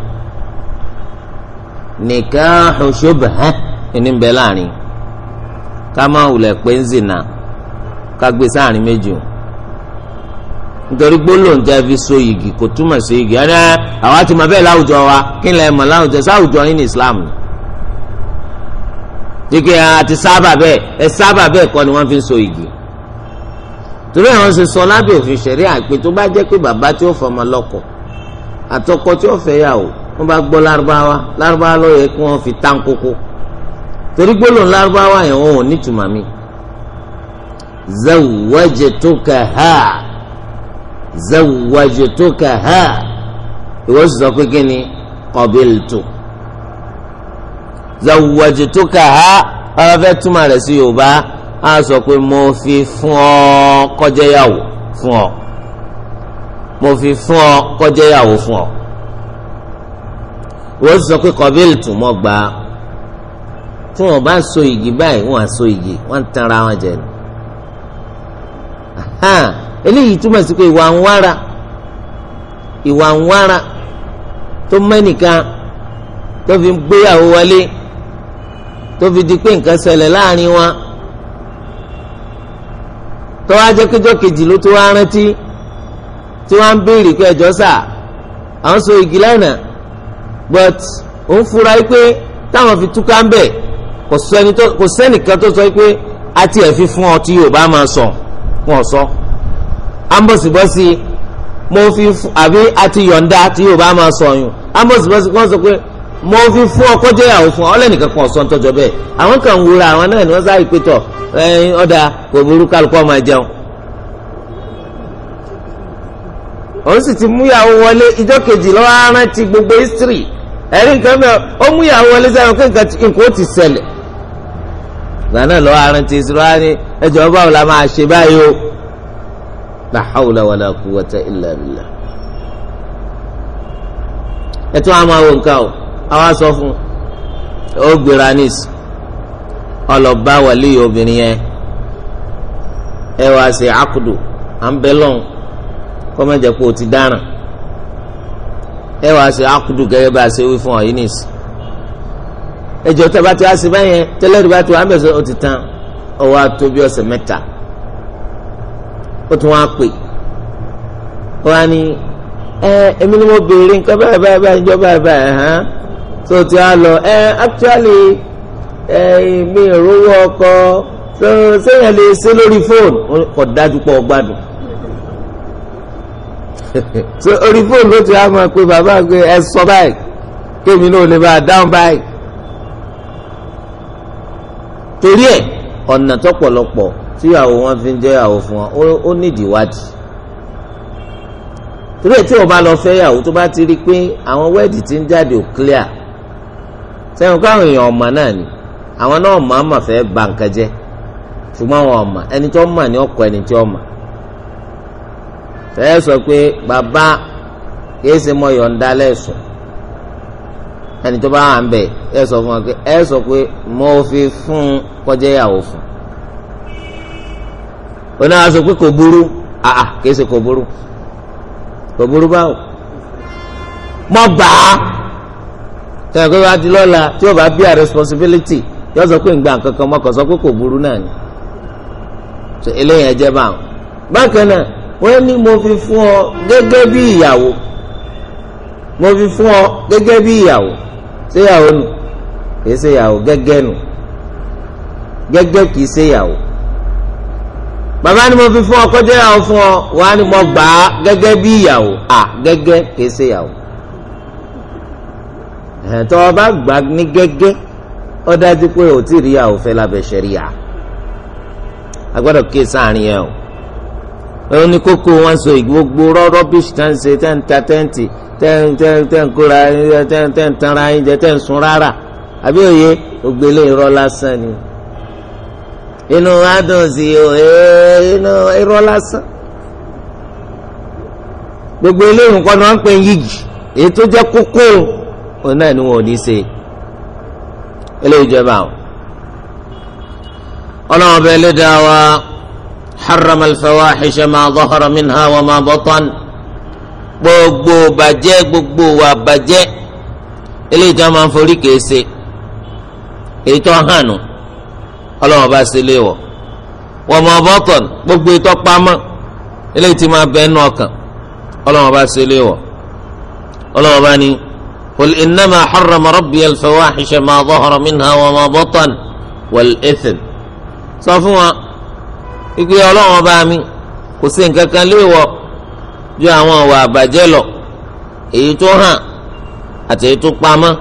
nìkan ṣòṣòbà ẹni ń bẹ láàrin ká máa wulẹ̀ pé ń zìnà ká gbé sáàrin méjì o nítorí gbólóhùn fi so yìgì kò túmọ̀ sí yìgì ẹ̀rẹ́ àwa ti mọ̀ bẹ́ẹ̀ láwùjọ wa kí n lè mọ̀ láwùjọ sáwùjọ yín ní Islam ni wípé àti sábà bẹ́ẹ̀ ẹ sábà bẹ́ẹ̀ kọ́ ni wọ́n fi ń so igi torí àwọn ṣe sọ lábẹ́ òfin ṣẹ̀rí àpè tó bá jẹ́ pé bàbá tí ó fọmọ lọ́kọ àtọkọ tí ó fẹ́ yàwó wọ́n bá gbọ́ lárúbáwá lárúbáwá ló yẹ kí wọ́n fi tán kókó torí gbólóhùn lárúbáwá yẹn wọn ò nítumọ̀ mi zawajtuka ha zawajtuka ha ìwọ sì sọ pé kí ni qabiltu zawwajtukaha bàbá fẹ́ túmọ̀ rẹ̀ sí yorùbá á sọ pé mo fi fún ọ kọjẹ́yàwó fún ọ mo fi fún ọ kọjẹ́yàwó fún ọ wọ́n sọ pé kọ́bílì tún mọ́ gbà á tí wọn bá so igi báyìí wọn á so igi wọn ń tanra wọn jẹ ni eléyìí túmọ̀ sí pé ìwà ń wára ìwà ń wára tó mẹ́nìkan tó fi gbéyàwó wọlé tó fi di pé nǹkan ṣẹlẹ̀ láàrin wọn tó wá jẹ́ kíjọ́ kejì ló tó wá rántí tí wọ́n ń béèrè pé ẹjọ́ sà àwọn so igi lánàá but òun fura pé táwọn fi túká ń bẹ̀ kò sẹ́nìkan tó sọ pé àti ẹ̀fí fún ọ tí Yorùbá máa sọ fún sọ ambosibosi mo fi àbí àti yọ̀ǹda tí Yorùbá máa sọ yùn ambosibosi kò sọ pé mo fi fún ọkọ jẹyàwó fún ọ lẹ́nìkan kan ọ̀sán tọjọ bẹ́ẹ̀ àwọn kan ń wura àwọn náà ni wọ́n sáré pétọ̀ ẹyin ọ̀dà kò burú kálukọ́ máa jẹun. òun sì ti múyàwó wọlé ìjọ kejì lọ́wọ́ arántí gbogbo history ẹ̀rí nǹkan mẹ́ọ̀ ó múyàwó wọlé sáyẹn kí nǹkan ó ti ṣẹlẹ̀. ìgbà náà lọ́wọ́ arántí ìṣúra ni ẹjọ́ báwo la máa ṣe báyìí o. la hawla wala quwwata illa billah. ẹ àwa sọ fún ó gbéra nis ọlọ́ba wàlí obìnrin yẹn ẹ wàá ṣe àkùdù à ń bẹ lọ́n kọ́ mẹ́jẹ pé o ti dáràn ẹ wàá ṣe àkùdù gẹ́gẹ́ bá a ṣe wí fún ọ yìí nis ẹjọ tẹ bá ti wá sí báyẹn tẹlẹ rí bá ti wá bẹsẹ ó ti tán ọwọ àtó bí ọ̀sẹ̀ mẹ́ta ó tún wá pè ó wá ní ẹ èmi ni mo béèrè nǹkan báyìí báyìí báyìí ìjọba báyìí hàn tó ti á lọ ẹ actually ẹ mi ìrówó ọkọ sẹ́yìn lè ṣe lórí fóònù kò dájú pọ̀ gbádùn <laughs> so orí fóònù ló ti á mọ̀ pé bàbá pé ẹ sọ báyìí kémi náà lè bá a dáhùn báyìí torí ẹ ọ̀nà tọ́pọ̀lọpọ̀ tíyàwó wọn fi ń jẹ́ ìyàwó fún wọn ó nídìí wádìí torí ẹ tí o bá lọ fẹ́ yàwó tó bá ti rí i pé àwọn wẹ́ẹ̀dì ti ń jáde ò clear sẹ́yìn káwọn èèyàn ọ̀mà náà ni àwọn náà ọ̀mà àmà fẹ́ bà nǹkan jẹ́ ṣùgbọ́n àwọn ọ̀mà ẹni tí wọ́n mà ní ọkọ̀ ẹni tí wọ́n mà fẹ́ẹ́ sọ pé bàbá kìí ṣe mọ yọ̀ǹda lẹ́sùn ẹni tó bá wà ń bẹ̀ ẹ sọ fún pé ẹ sọ pé mo fi fún kọjá mọ bàá. tẹ̀wọ́n pé wá di lọ́la tí yóò bá bí a responsibility yóò sọ pé ń gba nǹkan mọ́ kàn sọ pé kò burú náà ni so eléyìí ẹ jẹ́ báwọn. bákan náà wọ́n ní mo fi fún ọ gẹ́gẹ́ bí ìyàwó mo fi fún ọ gẹ́gẹ́ bí ìyàwó ṣé nù kìí ṣe gẹ́gẹ́ nù gẹ́gẹ́ kìí ṣe bàbá ni mo fi fún ọ kọjá ìyàwó fún ọ wàá ni mo gbà á gẹ́gẹ́ bí ìyàwó à gẹ́gẹ́ kìí ṣe ẹ̀tọ́ ọba gbà ní gẹ́gẹ́ ó dájú pé ò tí ì rí àwọn òfin lábẹ́ ṣẹ̀ríà a gbọ́dọ̀ kí sáàrin yẹn o òun ni kókó wọn sọ gbogbo rọ́rọ́ bí ṣìtàn ṣe tẹ́ ń ta tẹ́ǹtì tẹ́ ń kóra tẹ́ ń tanra yín jẹ tẹ́ ń sun rárá àbí òye ògbélé irọ́ lásán ni inú adùn sí eh, inú irọ́ lásán gbogbo eléyìí nǹkan ni wọ́n ń pè yíjì èyí tó jẹ́ kókó o òun náà ni wọn ò ní ṣe eléyìí jẹba o ọlọ́run ọbẹ̀ lè dá wa haram alfawahisha ma zahara minha wa ma batan gbogbo bàjẹ́ gbogbo wa bàjẹ́ eléyìí tí wọ́n máa ń forí kèé ṣe èyí tó hàn nù ọlọ́run ọba ṣe léwọ̀ wa ma batan gbogbo ètò pamọ́ eléyìí tí máa bẹ́ẹ̀ nù ọkàn ọlọ́run ọba ṣe léwọ̀ ọlọ́run ọba ni. قل إنما حرم ربي الفواحش ما ظهر منها وما بطن والإثم صفوا يقول يا الله بامي kòsìn kankan léèwọ̀ ju àwọn ọ̀wà àbàjẹ́ lọ èyí tó hàn àti èyí tó pamọ́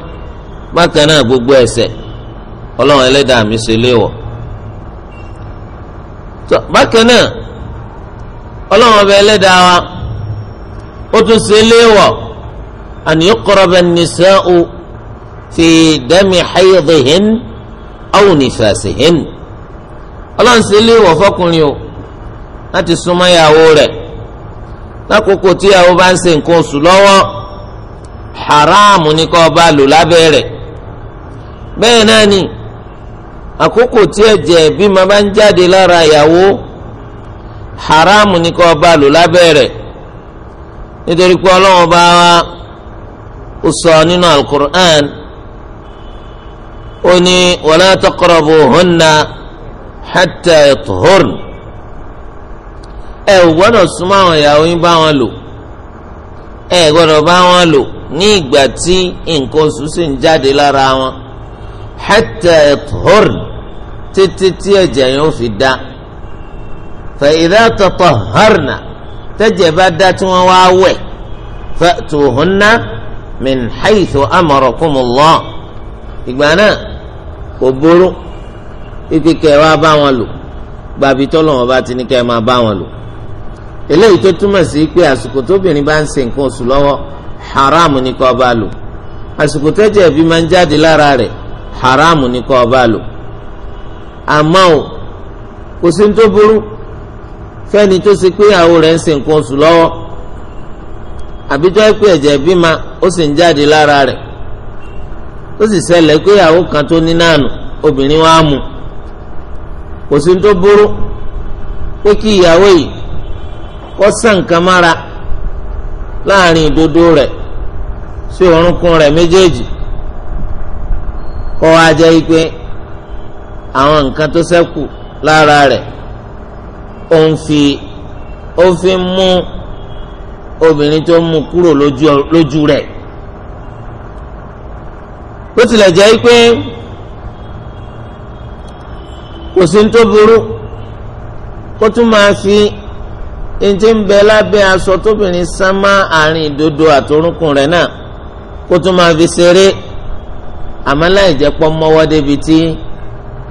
bákan náà gbogbo ẹ̀ṣẹ̀ ọlọ́run ẹlẹ́dàá mi ṣe léèwọ̀ bákan náà ọlọ́run ọba ẹlẹ́dàá wa ó tún ṣe léèwọ̀. أن يقرب النساء في دم حيضهن أو نفاسهن الله نسلي وفقني láti súnmọ́ ìyàwó rẹ̀ lákòókò tí ìyàwó bá ń ṣe nǹkan oṣù lọ́wọ́ haram ni kó bá lò lábẹ́ rẹ̀ bẹ́ẹ̀ náà ni àkókò tí ẹ̀jẹ̀ bímọ bá ń jáde lára ìyàwó haram ni kó bá lò lábẹ́ rẹ̀ nítorí pé ọlọ́run bá wa ó sọ nínú alukur'an ó ní wala taqrabuhunna hatta yathurna ẹ ò gbọ́dọ̀ súnmọ́ àwọn ìyàwó yín bá wọn lò ẹ gbọ́dọ̀ bá wọn lò ní ìgbà tí nǹkan oṣù sì ń jáde lára wọn hatta yathurna títí tí ẹ̀jẹ̀ yẹn ó fi dá fa idha tatahharna tẹ́jẹ̀ bá dá tí wọ́n wá wẹ̀ fa'tuhunna min haythu amarakumullah ìgbà náà kò burú ike kẹ wá bá wọn lò gbàbí tọ́lọ́wọ́n bá ti ní kẹ́ máa bá wọn lò eléyìí tó túmọ̀ sí pé àsìkò tóbìnrin bá ń ṣe nǹkan oṣù lọ́wọ́ haram ni kó bá lò àsìkò tẹ́jẹ̀ bí máa ń jáde lára rẹ̀ haram ni kó bá lò àmọ́ o kò sí ní tó burú fẹ́ni tó ṣe pé àwọn rẹ̀ ń ṣe nǹkan oṣù lọ́wọ́ àbíjọ́ pé ẹ̀jẹ̀ bímọ ó sì ń jáde lára rẹ̀ ó sì ṣẹlẹ̀ pé ìyàwó kan tó ní náà nù obìnrin wa mú kò sí tó burú pé kí ìyàwó yìí kó sàn kan mára láàrin ìdodo rẹ̀ sí orúnkún rẹ̀ méjèèjì kó wá jẹ́ pé àwọn nǹkan tó ṣẹ́kù lára rẹ̀ ó fi ó fi mú obìnrin tó mú kúrò lójú rẹ̀ bó tilẹ̀ jẹ́ pé kò sí tó burú kó tún máa fi ntí ń bẹ lábẹ́ aṣọ tóbìnrin sán má àárín ìdodo àtòrúnkùn rẹ̀ náà kó tún máa fi ṣeré àmọ́ láì jẹ́ pọ́ mọ́wọ́ débi tí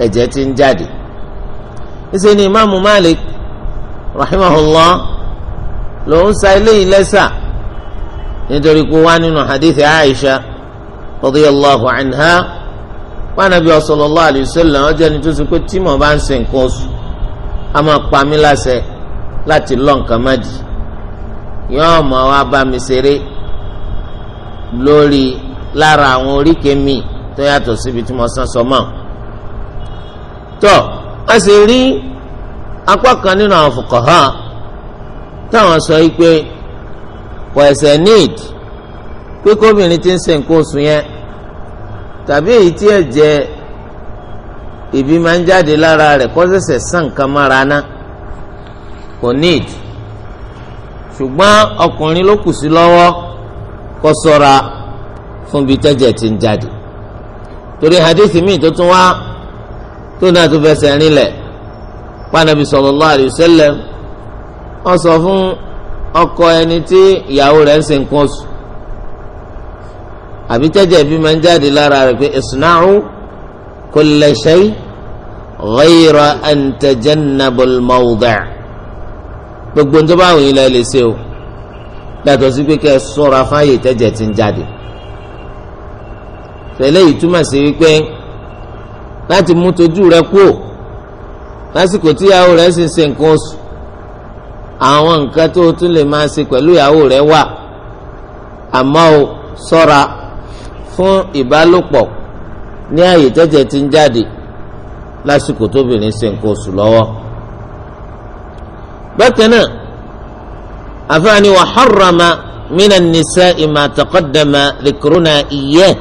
ẹ̀jẹ̀ ti ń jáde. ìṣe ni ìmáàmù Malik rahimahullah lòun sa eléyìí lẹ́sà nítorí kó wá nínú hadithi aisha radiyallahu anha wànàbí sallallahu alayhi wa sallam ọjọ́ ẹni tó sọ pé tí mo bá ń ṣe nǹkan oṣù a máa pa mí láṣẹ láti lọ nǹkan má di yóò mọ wá bá mi ṣeré lórí lára àwọn oríkèé mi tó yàtọ̀ síbi tí mo sán sọ mọ́ tó a sì rí apá kan nínú àwọn fuqaha. táwọn sọ yìí pé kò ẹsẹ̀ need pé kóbìnrin ti ń ṣe nǹkan oṣù yẹn tàbí èyí tí ẹ̀jẹ̀ ìbí máa ń jáde lára rẹ̀ kó sàn kan mára ná kò need ṣùgbọ́n ọkùnrin ló kù sí lọ́wọ́ kó ṣọ́ra fún bí tẹ́jẹ̀ ti ń jáde torí hadithi míì tó tún wá tó náà tó fẹsẹ̀ rinlẹ̀ pànàbí sallallahu alaihi wasallam. wọ́n sọ fún ọkọ ẹni tí ìyàwó rẹ̀ ń ṣe nǹkan oṣù àbí tẹ́jẹ̀ bí máa ń jáde lára rẹ̀ pé isna'u kulla shay ghayra an tajannabu al-mawdi' gbogbo ń tó bá wù yín lè ṣe o yàtọ̀ sí pé kẹ́ ẹ sọ́ra fáyè tẹ́jẹ̀ ti ń jáde tẹ̀lé yìí túmọ̀ sí wípé láti mú tójú rẹ̀ kú lásìkò tíyàwó rẹ̀ sì ń ṣe nǹkan oṣù àwọn nǹkan tó o tún lè máa ṣe pẹ̀lú ìyàwó rẹ wà àmọ́ o ṣọ́ra fún ìbálòpọ̀ ní àyè tẹ́jẹ̀ ti ń jáde lásìkò tóbìnrin ṣe nǹkan oṣù lọ́wọ́. bákan náà àfààní wa harrama mina nisa ima taqaddama dhikruna iyyah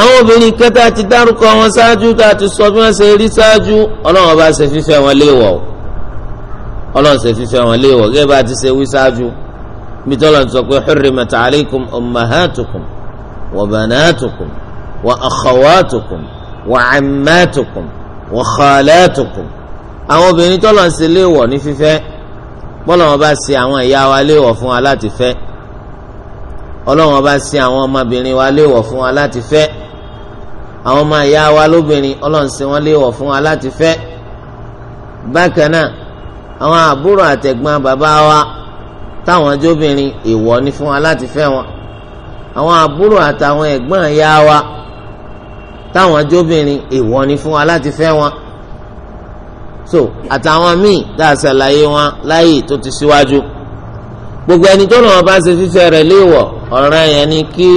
àwọn obìnrin kẹta ti dárúkọ wọn ṣáájú tá a ti sọ bí wọn ṣe rí ṣáájú ọlọ́run ọba ṣe fífẹ́ wọn léèwọ̀ o ọlọ́run ṣe fífẹ́ wọn léèwọ̀ gẹ́gẹ́ bá a ti ṣe wí ṣáájú bí tọ́lọ́run sọ pé hurrimat alaykum ummahatukum wa banatukum wa akhawatukum wa ammatukum wa khalatukum àwọn obìnrin tọ́lọ́run ṣe léèwọ̀ ní fífẹ́ bọ́lá wọn bá ṣe àwọn ìyá wa léèwọ̀ fún wa láti fẹ́ ọlọ́run bá ṣe àwọn ọmọbìnrin wa léèwọ̀ fún wa láti fẹ́ àwọn ọmọ ìyá wa lóbìnrin ọlọ́run ṣe wọn léèwọ̀ fún wa láti fẹ́ bákan náà àwọn àbúrò àtẹ̀gbọ́n bàbá wa táwọn jóbìnrin èèwọ̀ ni fún wa láti fẹ́ wọn àwọn àbúrò àtàwọn ẹ̀gbọ́n ìyá wa táwọn jóbìnrin èèwọ̀ ni fún wa láti fẹ́ wọn so àtàwọn míì dá àṣàlàyé wọn láàyè tó ti síwájú gbogbo ẹni tó lọ́wọ́ bá ṣe fífẹ́ rẹ̀ léèwọ̀ ọ̀ràn yẹn ni kí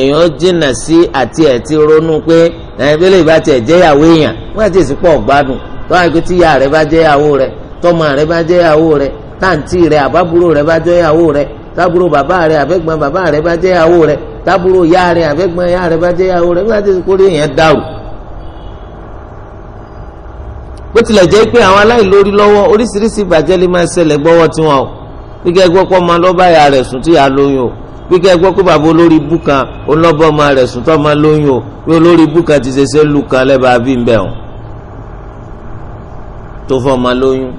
èèyàn jìnnà sí àti ẹ̀ ti ronú pé ẹ̀ẹ́dẹ́gbẹ́lẹ́ ìbá tiẹ̀ jẹ́yàwó èèyàn wọ́n ti sì pọ̀ gbádùn tó wáyé pé tíyà rẹ̀ bá jẹ́yàwó rẹ̀ tọmọ rẹ bá jẹ́ ìyàwó rẹ táǹtì rẹ àbábúrò rẹ bá jẹ́ ìyàwó rẹ tábúrò bàbá rẹ àbẹ́gbọ́n bàbá rẹ bá jẹ́ ìyàwó rẹ tábúrò ya rẹ àbẹ́gbọ́n ya rẹ bá jẹ́ ìyàwó rẹ nígbà tí kórè èèyàn dàrú. bó tilẹ̀ jẹ́ pé àwọn aláìlórí lọ́wọ́ oríṣiríṣi ìbàjẹ́ lè máa ṣẹlẹ̀ gbọ́wọ́ tiwọn o gbígbẹ́ gbọ́ pọ́ máa lọ́ bá ya rẹ̀ sùn tí ya lóyún o gbígbẹ́ gbọ́ pé bàbá olórí ibú kan olọ́bọ̀ máa rẹ̀ sùn tó máa lóyún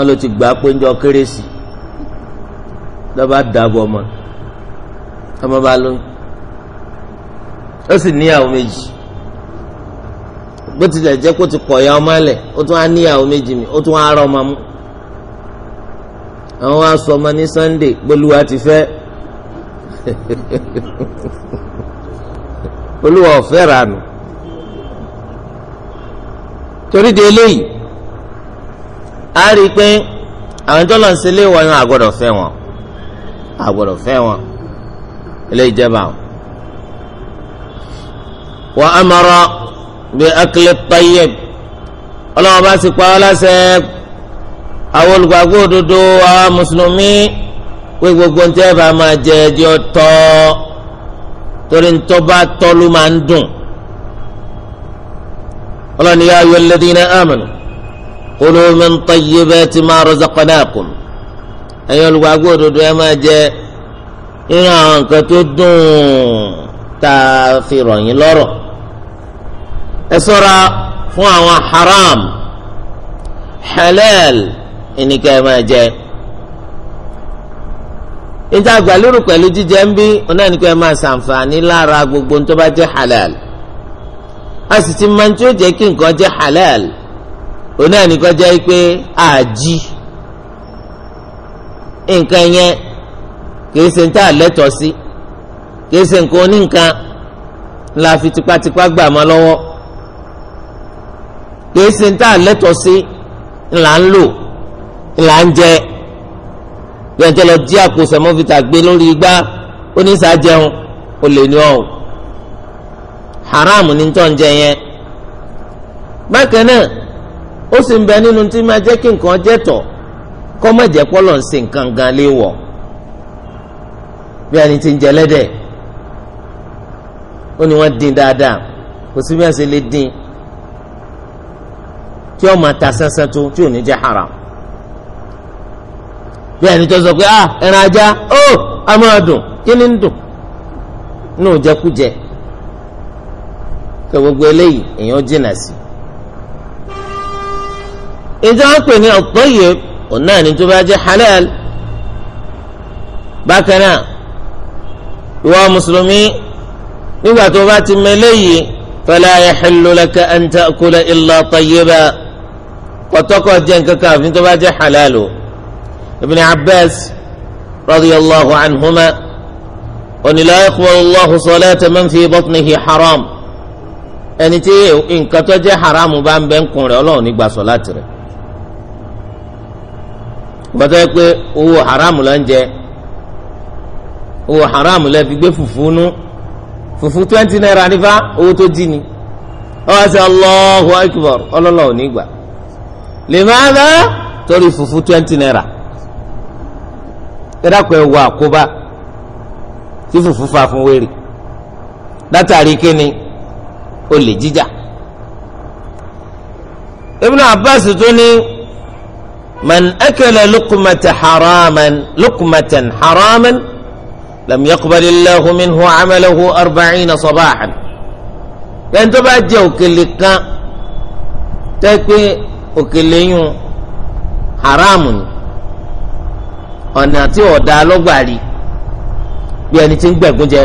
wọn ló ti gbà pé njọ kérésì lọba dàbọ ọmọ ọmọ bá lóyún ó sì níyàwó méjì bó tilẹ̀ jẹ́ kó ti kọ̀yà ọmọ ẹlẹ̀ ó tún á níyàwó méjì mi ó tún á rọ ọmọ mú àwọn aṣọ ọmọ ní Sunday gbólúwa ti fẹ́ <laughs> olúwa ọ̀fẹ́ rànù torí de eléyìí a rí i pé àwọn tó lọ ń ṣe léwọ yẹn àgbọ́dọ̀ fẹ́ wọn àgbọ́dọ̀ fẹ́ wọn eléyìí jẹba o. wa amara bi akli tayyib ọlọ́wọ́n bá ti pa ọ́ láṣẹ àwọn olùgbàgbọ́ òdodo àwọn mùsùlùmí pé gbogbo ń tẹ́ bá máa jẹ ẹdí ọtọ́ torí ntọ́ tọ́ ló máa ń dùn ọlọ́ni yá ayọ̀ alladhina amanu kulu min tayyibati ma razaqnakum ẹ̀yin olùgbàgbọ́ òdodo ẹ máa jẹ nínú àwọn nǹkan tó dùn tá a fi rọ̀ yín lọ́rọ̀ ẹ ṣọ́ra fún àwọn haram halal ìníkà ẹ máa jẹ níta àgbàlérò pẹ̀lú jíjẹ ń bí ọ̀nà ìníkà ẹ máa ṣàǹfààní lára gbogbo tó bá halal a sì ti máa ń tí ó jẹ́ kí nǹkan jẹ́ halal oní ẹnìkan jẹ́ pé àjí nǹkan yẹn kìí ṣe ń tà lẹ́tọ̀ọ́ sí kìí ṣe nǹkan oníǹkan la fi tipátipá gbà má lọ́wọ́ kìí ṣe ń tà lẹ́tọ̀ọ́ sí ńlá ń lò ńlá ń jẹ gbẹ̀ǹtẹ̀ lọ jí àpò gbé lórí igbá oníṣàjẹun olè ní ọ̀hún haram ní tó ń jẹ yẹn bákan náà ó sì ń bẹ nínú tí máa jẹ́ kí nǹkan jẹ́ tọ̀ kọ́ má jẹ́ pọ́lọ̀ ń ṣe nǹkan gan lé wọ̀ bí ẹni tí ń jẹ si ó ní wọ́n dín dáadáa kò sí bí wọ́n ṣe lè dín máa ta sánsán tó tí ò ní jẹ́ haram bí ẹni tó sọ pé ah ẹran ajá ó oh, a máa dùn kí ni ń dùn ní òjẹkújẹ kí gbogbo eléyìí èèyàn jìnnà sí ìjọ ń pè ní at-tayyib òun náà ní tó bá jẹ́ halal bákan náà ìwọ mùsùlùmí nígbà tó bá ti mẹ́lẹ́ yìí fala yahillu laka an ta'kula illa tayyiba kọ̀tọ́kọ̀ jẹ́ nǹkan kan àfi tó bá jẹ́ halal o Ibn Abbas radiyallahu anhuma oni la yaqbalu Allahu salata man fi batnihi haram ẹni tí nǹkan jẹ́ haram bá ń bẹ́ ń kun rẹ̀ ọlọ́run nígbà sọ̀láàtì rẹ̀. gbọ́dọ̀ yẹ pé owó haramu la ń jẹ owó haramu ló fi gbé fùfú nú fùfú twenty naira nífa owó tó dì ní ọwọ́ sẹ́ Allahu akbar ọlọ́lọ́ ò ní gbà limadha torí fufu twenty naira ẹ̀dàkọ̀ ẹ̀ wọ àkóbá tí fufu fa fún wèrè látàrí kíni olè jíjà Ibn Abbas tó ní. man akala lukumata haraman lukumatan haraman lam yaqbalillahu minhu amalahu arba'ina sabaxan yẹn tó bá jẹ òkèlè kan tẹ́ pé òkèlè yún haramu ni ọ̀nà tí ọ̀dà lọ́gbàrí bí ẹni tí ń gbẹ̀gún jẹ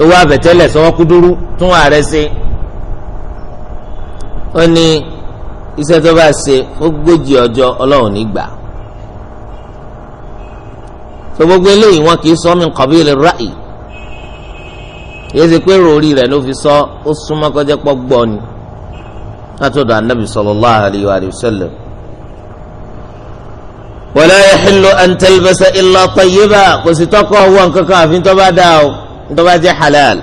owó àbẹ̀tẹ́lẹ̀ sọ́wọ́ kúdúrú tún ààrẹ ṣe ó ní iṣẹ́ tó bá ṣe ogójì ọjọ́ ọlọ́run nígbà tó gbogbo eléyìí wọn kì í sọ min qabil ar-ra'i yìí ṣe pé ròrí rẹ̀ ló fi sọ ó súnmọ́ kọjá pọ̀ gbọ́ ni látọ̀dọ̀ anabi sallallahu alayhi wa sallam. wala yahillu an talbasa illa tayyiba kò sì tọ́kọ̀ owó nǹkan àfi tó bá o tó bá halal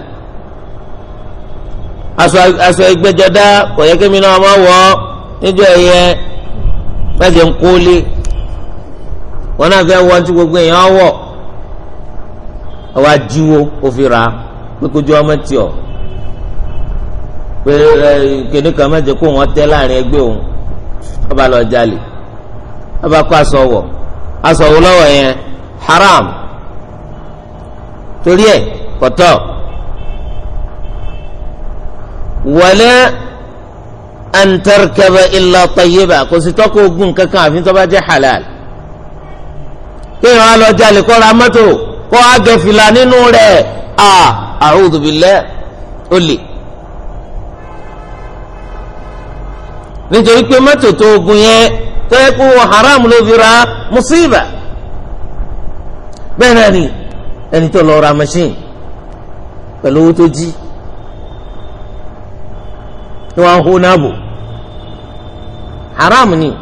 aṣọ ẹgbẹ́jọ dá kò yẹ kémi náà máa wọ̀ níjọ́ yẹn mẹsẹ̀ ń wọn náà fẹ́ wọ́n tí gbogbo èèyàn wọ̀ ọwọ́ ajiwo òfin ra pé ọmọ tí ọ pé kìnnì kan mẹjẹ kó wọn tẹ láàrin ẹgbẹ́ òun ọba lọ jalè ọba kó aṣọ wọ̀ aṣọ wọ̀ lọ́wọ́ yẹn haram torí kọtọ wọlé. an tarkaba illa tayyiba kò sí tọ́kọ̀ ogun kankan àfi tó bá jẹ́ halal kéèyàn á lọ jalè kó ra mọ́tò kó a gẹ fìlà nínú rẹ̀ a a'udhu billah ó lè. nítorí pé mọ́tò tó ogun yẹn tó yẹ kó haram ló fi ra musiba bẹ́ẹ̀ náà ni ẹni tó lọ ra machine pẹ̀lú owó tó jí. ni wọ́n hó náà haram ni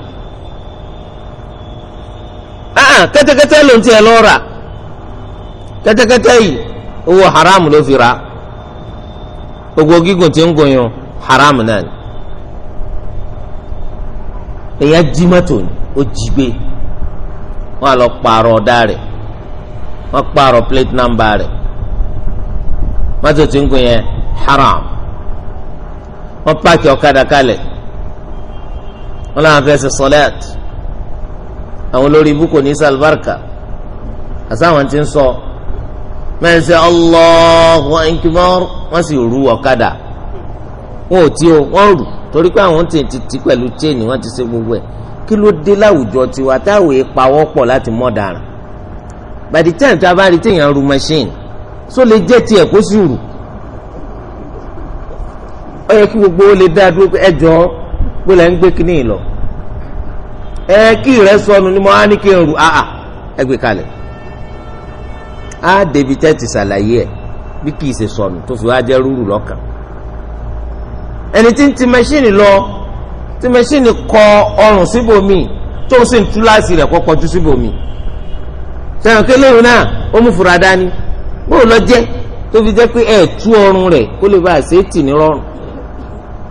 ah, ah kẹ́tẹ́kẹ́tẹ́ ló ń tiẹ̀ lọ rà haram ló fi ra gígùn tí ń haram náà ni èèyàn jí mọ́tò ni ó jí gbé wọ́n lọ plate number rẹ̀ tí ń haram wọ́n pààkì ọ̀kadà kalẹ̀ wọ́n làwọn fẹ́ẹ́ ṣe sọ́lẹ́t àwọn olórí ibú kò ní sàlùbáríkà àsáwọn ti ń sọ mẹ́rin sẹ́ Allahu akbar wọ́n sì rú ọ̀kadà wọn ò tí o wọ́n rù torí pé àwọn tètè tí pẹ̀lú chain wọ́n ti ṣe gbogbo ẹ̀ kí ló dé láwùjọ tiwa táwọn ìpawọ́ pọ̀ láti mọ̀ by the time tí a bá rí téèyàn ru machine só lè jẹ́ tiẹ̀ kó sì rù. ọ yẹ kí gbogbo ó lè dá dúró pé ẹjọ́ pé lẹ́ gbé ẹ kí rẹ sọnù ni mo á ní kí n rù áà ẹ gbé kalẹ̀ á débi ti ṣàlàyé bí kì í ṣe sọnù tó ti mẹ́ṣíìnì lọ ti mẹ́ṣíìnì kọ ọrùn tó sì ń tú láàsì rẹ̀ kọ́ kọjú sẹ́yìn náà ó mú tó fi jẹ́ pé ẹ̀ tú ọrùn rẹ̀ kó lè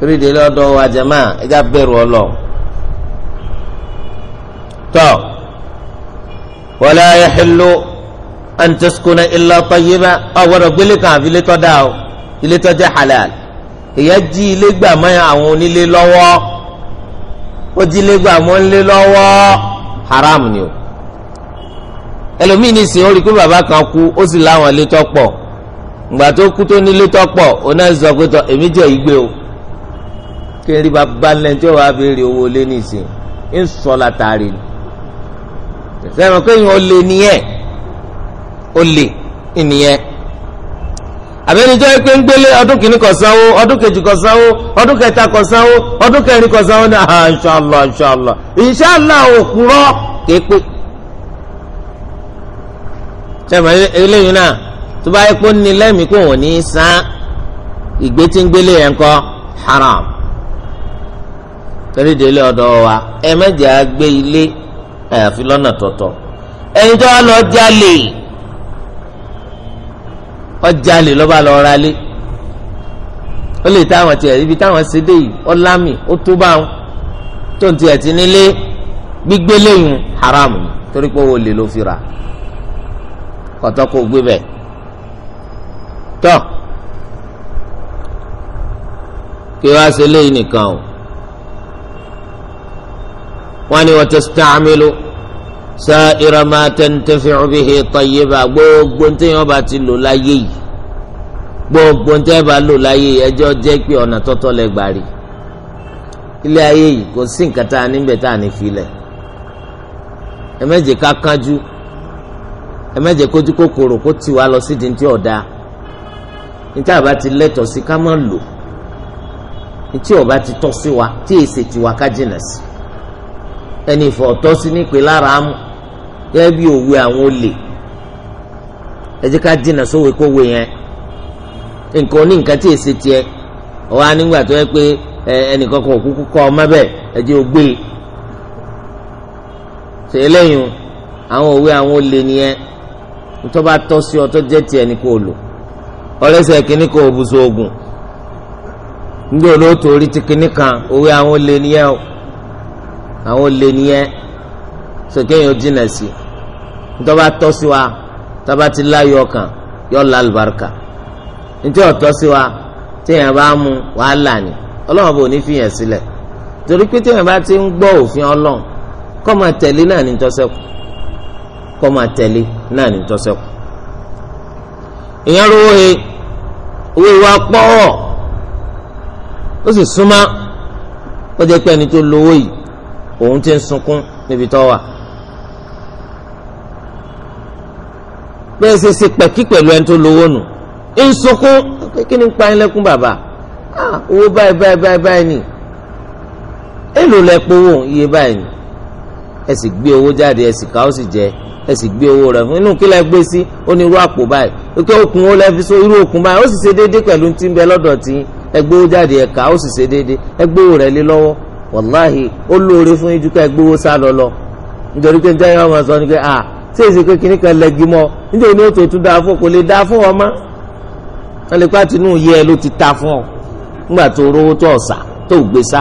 torí délé ọ̀dọ̀ wa jẹmọ ẹjá bẹ̀rù ọlọ tọ wala yahillu an taskuna illa tayyiba ọgbọdọ gbélé kan àfi ilé tó dá o ilé tó jẹ́ halal èyí jí ilé gbà mọ́ àwọn onílé lọ́wọ́ ó jí ilé gbà lọ́wọ́ haram ni o ẹlòmíì ní sìn bàbá kan kú ó sì láwọn ilé kú tó náà pé tọ èmi ìgbé o kí n rí bàbá ńlẹ̀ tí ó wàá béèrè owó lé ní ìsìn ń sọ látàrí ni sẹ́wọ̀n kéèyàn ó lé nìyẹn ó lé nìyẹn àbẹ́nijọ́ pé ń gbélé ọdún kìíní kò sanwó ọdún kejì kò sanwó ọdún kẹta kò sanwó ọdún kẹrin kò sanwó ní ah inṣàlá inṣàlá inṣàlá òkúrọ́ kéèpé. sẹ́wọ̀n eléyìí náà tó bá yẹ kó ní lẹ́mìí kó wọ́n ní sàn ìgbé tí ń gbélé yẹn kọ́ haram torí délé ọ̀dọ̀ wa ẹ mẹ́jẹ̀ á gbé ilé àyàfi lọ́nà tọ̀tọ̀ ẹni tó wá lọ jalè ọjalè ló bá lọ ralé ó lè táwọn tiẹ̀ ibi táwọn ṣe dé yìí ọlámì ó tó bá wọn tó ń tiẹ̀ ti nílé gbígbé léyìn haram ni torí pé owó lè ló fi rà kọ̀tọ́ kó gbé bẹ̀ tọ́ kí wá ṣe léyìn nìkan o. wọ́n ní wọ́n tasta'milu sa'ira ma tantafi'u bihi tayyiba gbogbo ní tẹ́yìn ọba ti lò láyé yìí gbogbo ní tẹ́yìn ọba lò láyé yìí ẹjọ́ jẹ́ pé ọ̀nà tọ́tọ́ lẹ gbà ilé ayé yìí kò sí nǹkan tá a níbẹ̀ tá a ní filẹ̀ ẹ ká kánjú ẹ kójú kòkòrò kó ti wá lọ sídìí tí ọ̀dà níta ti lẹ́tọ̀ọ́ sí ká má lò ọba ti tọ́ sí wa tí tiwa ká jìnà sí ẹni ìfọ̀tọ́sí nípe lára amú yẹ bí òwe àwọn olè ẹ jẹ́ ká dínà sówe kówe yẹn nǹkan ní nǹkan tí èsì tiẹ̀ ọ̀wá nígbà tó yẹ pé ẹnìkan kan òkú kọ́ ọmọ bẹ́ẹ̀ ẹ jẹ́ ògbé ṣe eléyìí àwọn òwe àwọn olè nìyẹn nítorí bá tọ́ sí jẹ́ tiẹ̀ ní kò lò ọlẹ́sẹ̀ kìíní ogun nígbà olóòtú orí ti kìíní kan òwe àwọn olè nìyẹn o. àwọn olè nìyẹn sókè yẹn ó jìnà sí ntọ́ba tọ́ sí wa tọ́ba ti láyọ̀ ọkàn yọ la àlùbáríkà ntí ọ̀tọ́ sí wa téèyàn bá mú wàhálà ni ọlọ́run bò ní fìyàn sílẹ̀ torí pé téèyàn bá ti ń gbọ́ òfin ọlọ́run kọ́ máa tẹ̀lé náà ní tọ́sẹ̀kù kọ́ tẹ̀lé náà ní tọ́sẹ̀kù ìyẹn rówó he owó ìwà pọ́ọ̀ ó sì súnmọ́ ó jẹ́ pé ẹni tó lówó yìí òun ti ń sunkún níbi tó wà. bẹ́ẹ̀ ṣe ṣe pẹ̀kí pẹ̀lú ẹni tó lówó nù ń sunkún pé kí ni ń pa ẹ lẹ́kún bàbá owó báyìí báyìí báyìí báyìí ni èlò lẹ powó iye báyìí ni ẹ sì gbé owó jáde ẹ sì ká ó sì jẹ ẹ sì gbé owó rẹ fún inú kí lẹ gbé sí ó ní irú àpò báyìí pé okùn ó lẹ fi so irú okùn báyìí ó sì ṣe déédéé pẹ̀lú ti ń bẹ lọ́dọ̀ tí ẹ gbé owó jáde ẹ ká ó sì ṣe déédéé ẹ gbé owó rẹ lé lọ́wọ́ wàláhì ó lóore fún yín ju ká gbowó sá lọ lọ nítorí pé njẹ́ yẹn wọ́n sọ ni pé à tí èsì pé kìnnì kan lẹ́gi mọ́ nítorí ní òtò tún dáa fún kò lè dáa fún tinú yẹ ẹ ló ti ta fún ọ nígbà tó rówó tó ọ̀sà tó gbé sá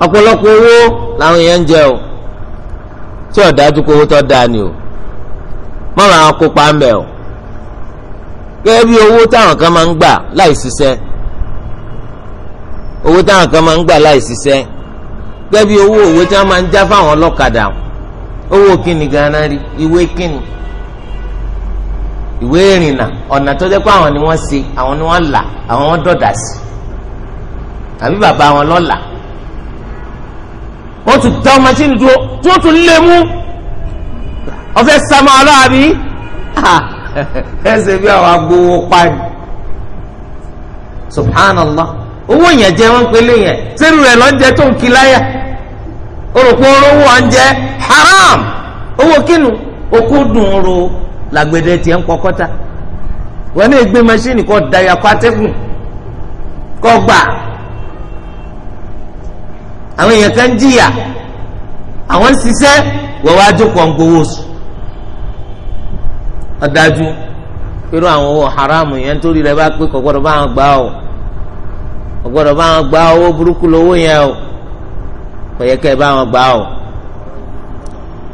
ọba o tí ọ̀dájú kó owó ni o mọ̀ràn ń gẹ́gẹ́ bí owó táwọn kan máa ń gbà láì ṣiṣẹ́ owó táwọn kan máa ń gbà láì ṣiṣẹ́ gẹ́gẹ́ bí owó òwe tí wọ́n máa ń já owó kíni rí ìwé ọ̀nà tó àwọn ni wọ́n ṣe àwọn ni wọ́n là àwọn wọ́n dọ̀dà sí àbí bàbá wọn lọ́la wọ́n tún dá ọmọ ẹsẹ̀ bí àwọn agbowó pa subhanallah owó yẹn jẹ wọn pélé yẹn sẹ́rù rẹ̀ jẹ tó ń kí láyà orúkọ orówó wọn jẹ haram owó kínu okó dùn ro làgbèdè tiẹ̀ ń pọkọ́ta wọn na gbé mẹsìnì kọ dayà kọ atẹ́gùn kọ́ gbà àwọn èèyàn kan jìyà àwọn ń wá jókòó ń ọ̀dájú irú àwọn owó haramu yẹn torí rẹ bá pé kò gbọ́dọ̀ bá wọn gbà o kò gbọ́dọ̀ bá wọn gbà owó burúkú lówó yẹn o kò bá wọn gbà o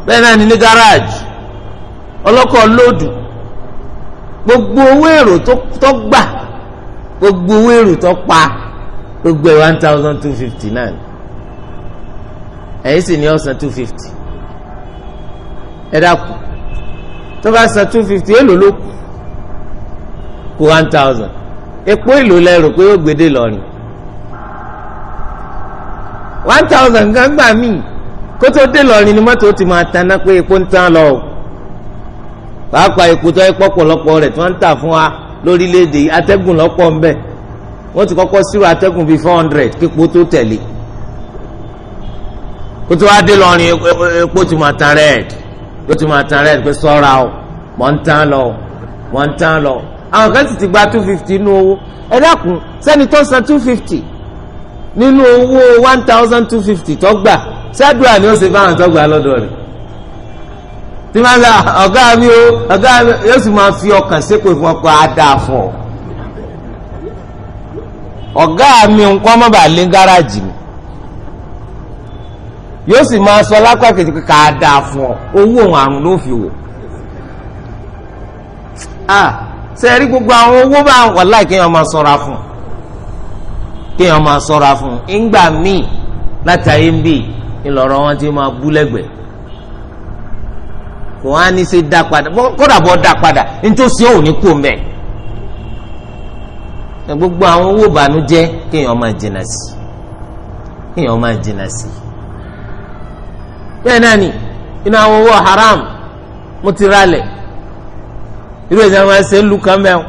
bẹ́ẹ̀ náà ni ní gáràjì ọlọ́kọ̀ lóòdù gbogbo owó èrò tó gbà gbogbo owó èrò tó pa gbogbo ẹ̀ one thousand two fifty nine ẹ̀yìn sì ní ọ̀sán two fifty ẹ dákun tó bá san two fifty èlò ló kù kù one thousand epo èlò lẹ́rù pé ó gbèdé lọ́rùn one thousand gbàgbà míì kó tó dé lọ́rùn ni mọ́tò ti máa taná pé epo ń tán lọ o pàápàá epo tó ẹ pọ̀pọ̀lọpọ̀ rẹ̀ tí wọ́n ń tà fún wa lórílẹ̀‐èdè atẹ́gùn lọ́pọ̀ ń bẹ̀ wọ́n ti kọ́kọ́ sírò atẹ́gùn bíi four hundred kíkó tó tẹ̀lé kó tó wá dé lọ́rùn epo ti máa tan rẹ́ẹ̀dì ló ti máa tan rẹ pé sọ́ra o mọ̀ ń tán lọ mọ̀ ń tán lọ àwọn kan sì ti gba two fifty nínú owó ẹ dákun sẹ́ni tó san two fifty nínú owó one thousand two fifty tó gbà ṣáàdùà ni ó ṣe fáwọn tó gbà lọ́dọ̀ rẹ̀ tí máa ń sọ ọ̀gá mi o ọ̀gá mi yóò sì máa fi ọkàn ṣépè fún ọkọ̀ àdáfọ̀ ọ̀gá mi nǹkan mọ́ba lé gáràjì mi yóò sì máa sọ lápákejì pé kàá dáa fún ọ owó òun àrùn ló fi wò a ṣe rí gbogbo àwọn owó bá wàláì kéèyàn máa sọra fún kéèyàn máa sọra fún ńgbà míì látàrí ń bì ńlọrọ wọn ti máa bú lẹ́gbẹ̀ẹ́ kò wá ní ṣe dá padà kódà bọ́ dá padà nítòsí òun ní kú mbẹ gbogbo àwọn owó ìbànújẹ́ kéèyàn máa jìnnà sí kéèyàn máa jìnnà sí bẹ́ẹ̀ náà ni inú àwọn owó haram mo ti ra lẹ̀ irú èsì àwọn ẹsẹ̀ ń lu kan mẹ́wọ́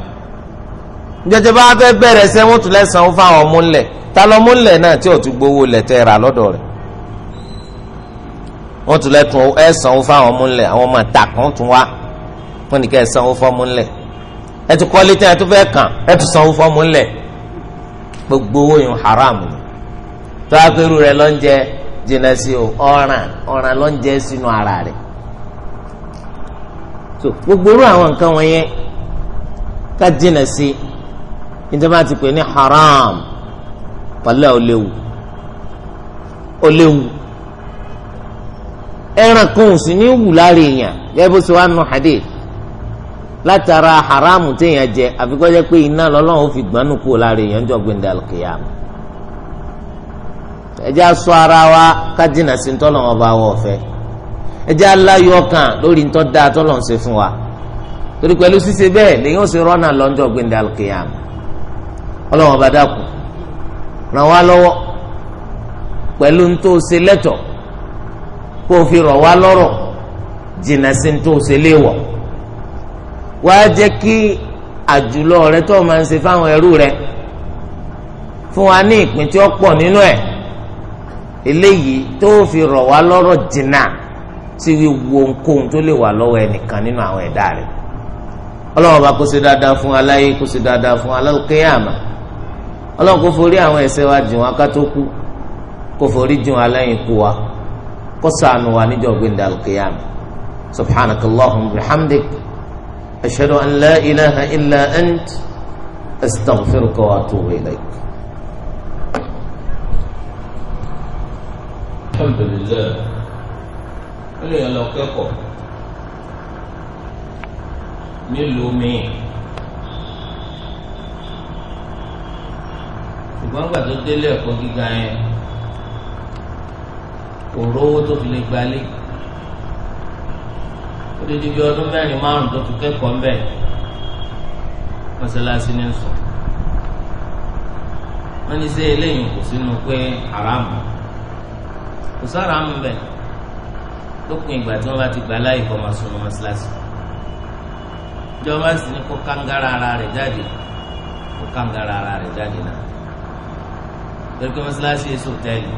njẹjẹ bá fẹ́ bẹ̀rẹ̀ ṣẹ́ wọ́n tún lẹ́ sanwó fáwọn ọmọ ńlẹ̀ ta lọ́mọ ńlẹ̀ náà tí ò tún gbowó lẹ̀ tẹ́ ra lọ́dọ̀ rẹ̀ wọ́n tún lẹ́ tún ẹ sanwó fáwọn ọmọ àwọn ọmọ àtà kan tún wá wọ́n ní ẹ sanwó fọ́mọ ńlẹ̀ ẹ tún kọ́lé tí ẹ tún fẹ́ kàn ẹ tún sanwó fọ́mọ ńlẹ̀ gbogbo owó yẹn haram ni tó a pẹ́rù rẹ̀ lọ́njẹ́ jìnnà sí o ọ̀ràn ọ̀ràn ló ń jẹ́ sínú ara rẹ̀ so gbogbo irú àwọn nǹkan wọ̀nyẹn ká jìnnà sí ìjọba ti pè ní haram pẹ̀lú ó léwu ó léwu ẹran kan ò sì ní wù lára èèyàn gẹ́gẹ́ bó ṣe wá nù hadith látara haram téèyàn jẹ àfikọ́jẹ́ pé iná lọ́lọ́run ó fi gbanú kúrò lára èèyàn jọ gbẹ̀ndẹ̀ ẹjẹ́ aṣọ ara wa ká dínà sí ntọ́ lọ́wọ́ bá wọ̀ ọ̀fẹ́ ẹjẹ́ aláyọ̀ kan lórí ntọ́ da tọ́ lọ́n ṣe fún wa torí pẹ̀lú ṣíṣe bẹ́ẹ̀ lèyìn ó ṣe rọ́nà lọ́njọ́ gbẹ̀ndà kìyàm ọlọ́wọ́n bá dàkú ràn wá lọ́wọ́ pẹ̀lú ntọ́ ṣe lẹ́tọ̀ kó o fi rọ̀ wá lọ́rọ̀ jìnnà sí ntọ́ ṣe léwọ̀ wá jẹ́ kí àjùlọ rẹ tó máa ń ṣe fáwọn ẹrú rẹ fún wa ní ìpín tí ó pọ̀ nínú ẹ̀ eléyìí tó fi rọ̀ wá lọ́rọ̀ jìnnà sí wíwo ohunkóhun tó lè wà lọ́wọ́ ẹnìkan nínú àwọn ẹ̀dá rẹ̀ ọlọ́run bá kó ṣe dáadáa fún aláyé kó ṣe dáadáa fún alákèyàmà ọlọ́run kó forí àwọn ẹ̀ṣẹ̀ wa jìn wá ká tó kú kó forí jìn wá lẹ́yìn ikú wa kó ṣàánú wa níjọ́ gbẹ̀ndà alákèyàmà subhanakallahumma wa bihamdik ashhadu an la ilaha illa ant astaghfiruka wa atubu ilayk. alhamdulilayi ó lè lọ kẹ́kọ̀ọ́ nílùú míì ṣùgbọ́n gbà tó délé ẹ̀kọ́ gíga yẹn kò rówó tó fi lè gbalé ó lè di bí ọdún mẹ́rin márùn tó fi kẹ́kọ̀ọ́ ń bẹ̀ mọ́sálásí ní sùn wọ́n ní sẹ́yìn lẹ́yìn kò sínú pé haramu kò sára àmú bẹ lópin ìgbà tí wọn bá ti gbà láyè kọ máa sunu mọ́ṣáláṣí ìjọba sì ní kó kángara ara rẹ̀ jáde kó kángara ara rẹ̀ jáde náà torí pé mọ́ṣáláṣí èso tẹ́lẹ̀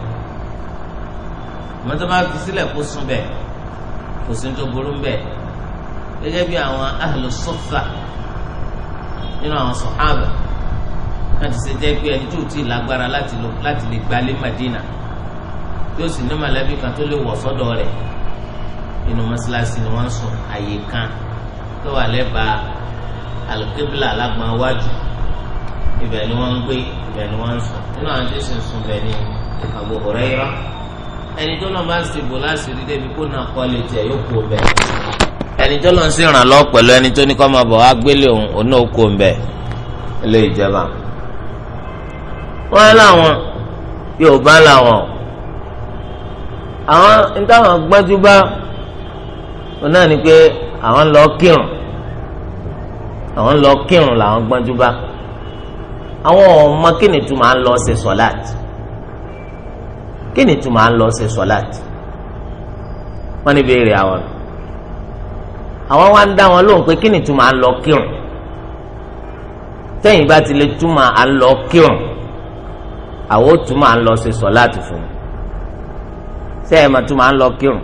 mọ́tò máa fi sílẹ̀ kó sùn bẹ̀ kò sí tó burú bẹ̀ gẹ́gẹ́ bí àwọn ahlu suffa nínú àwọn sọ̀hábà láti ṣe jẹ́ pé ẹni tó ti lágbára láti lè gbalé Madina tí ó sì ní mọ̀lẹ́bí kan tó lè wọ̀ sọ́dọ̀ rẹ̀ inú mọ́ṣáláṣí ni wọ́n ń sùn àyè kan tó wà lẹ́bàá alùkébìlà alágbọ̀n wájú ibẹ̀ ni wọ́n ń gbé ibẹ̀ ni wọ́n ń sùn nínú àwọn tí ó sì ń sùn bẹ̀ ni Abu Hurairah ẹni tó náà bá sì bò láṣìírí débi kó náà kọ́ lè tẹ̀ yóò kó bẹ̀ ẹni tó lọ́n sì ràn lọ́ pẹ̀lú ẹni tó ní kọ́ máa bọ̀ wá gbélé òun òun náà kó bẹ̀ ilé ìjọba wọ́n láwọn yóò bá láwọn o àwọn nítawọn gbọ́njú bá wọn náà ni pé àwọn ń lọ kírun àwọn ń lọ kírun làwọn gbọ́njú bá àwọn ọmọ kíni tún máa ń lọ ṣe sọláàtì kíni tún máa ń lọ ṣe sọláàtì wọn ní béèrè àwọn àwọn wa ń dá wọn lóhùn pé kíni tún máa ń lọ kírun tẹ́yìn bá ti lè tún máa ń lọ kírun àwọn ó tún máa ń lọ ṣe sọláàtì fún un. sẹ́yìn mà tún máa ń lọ kírun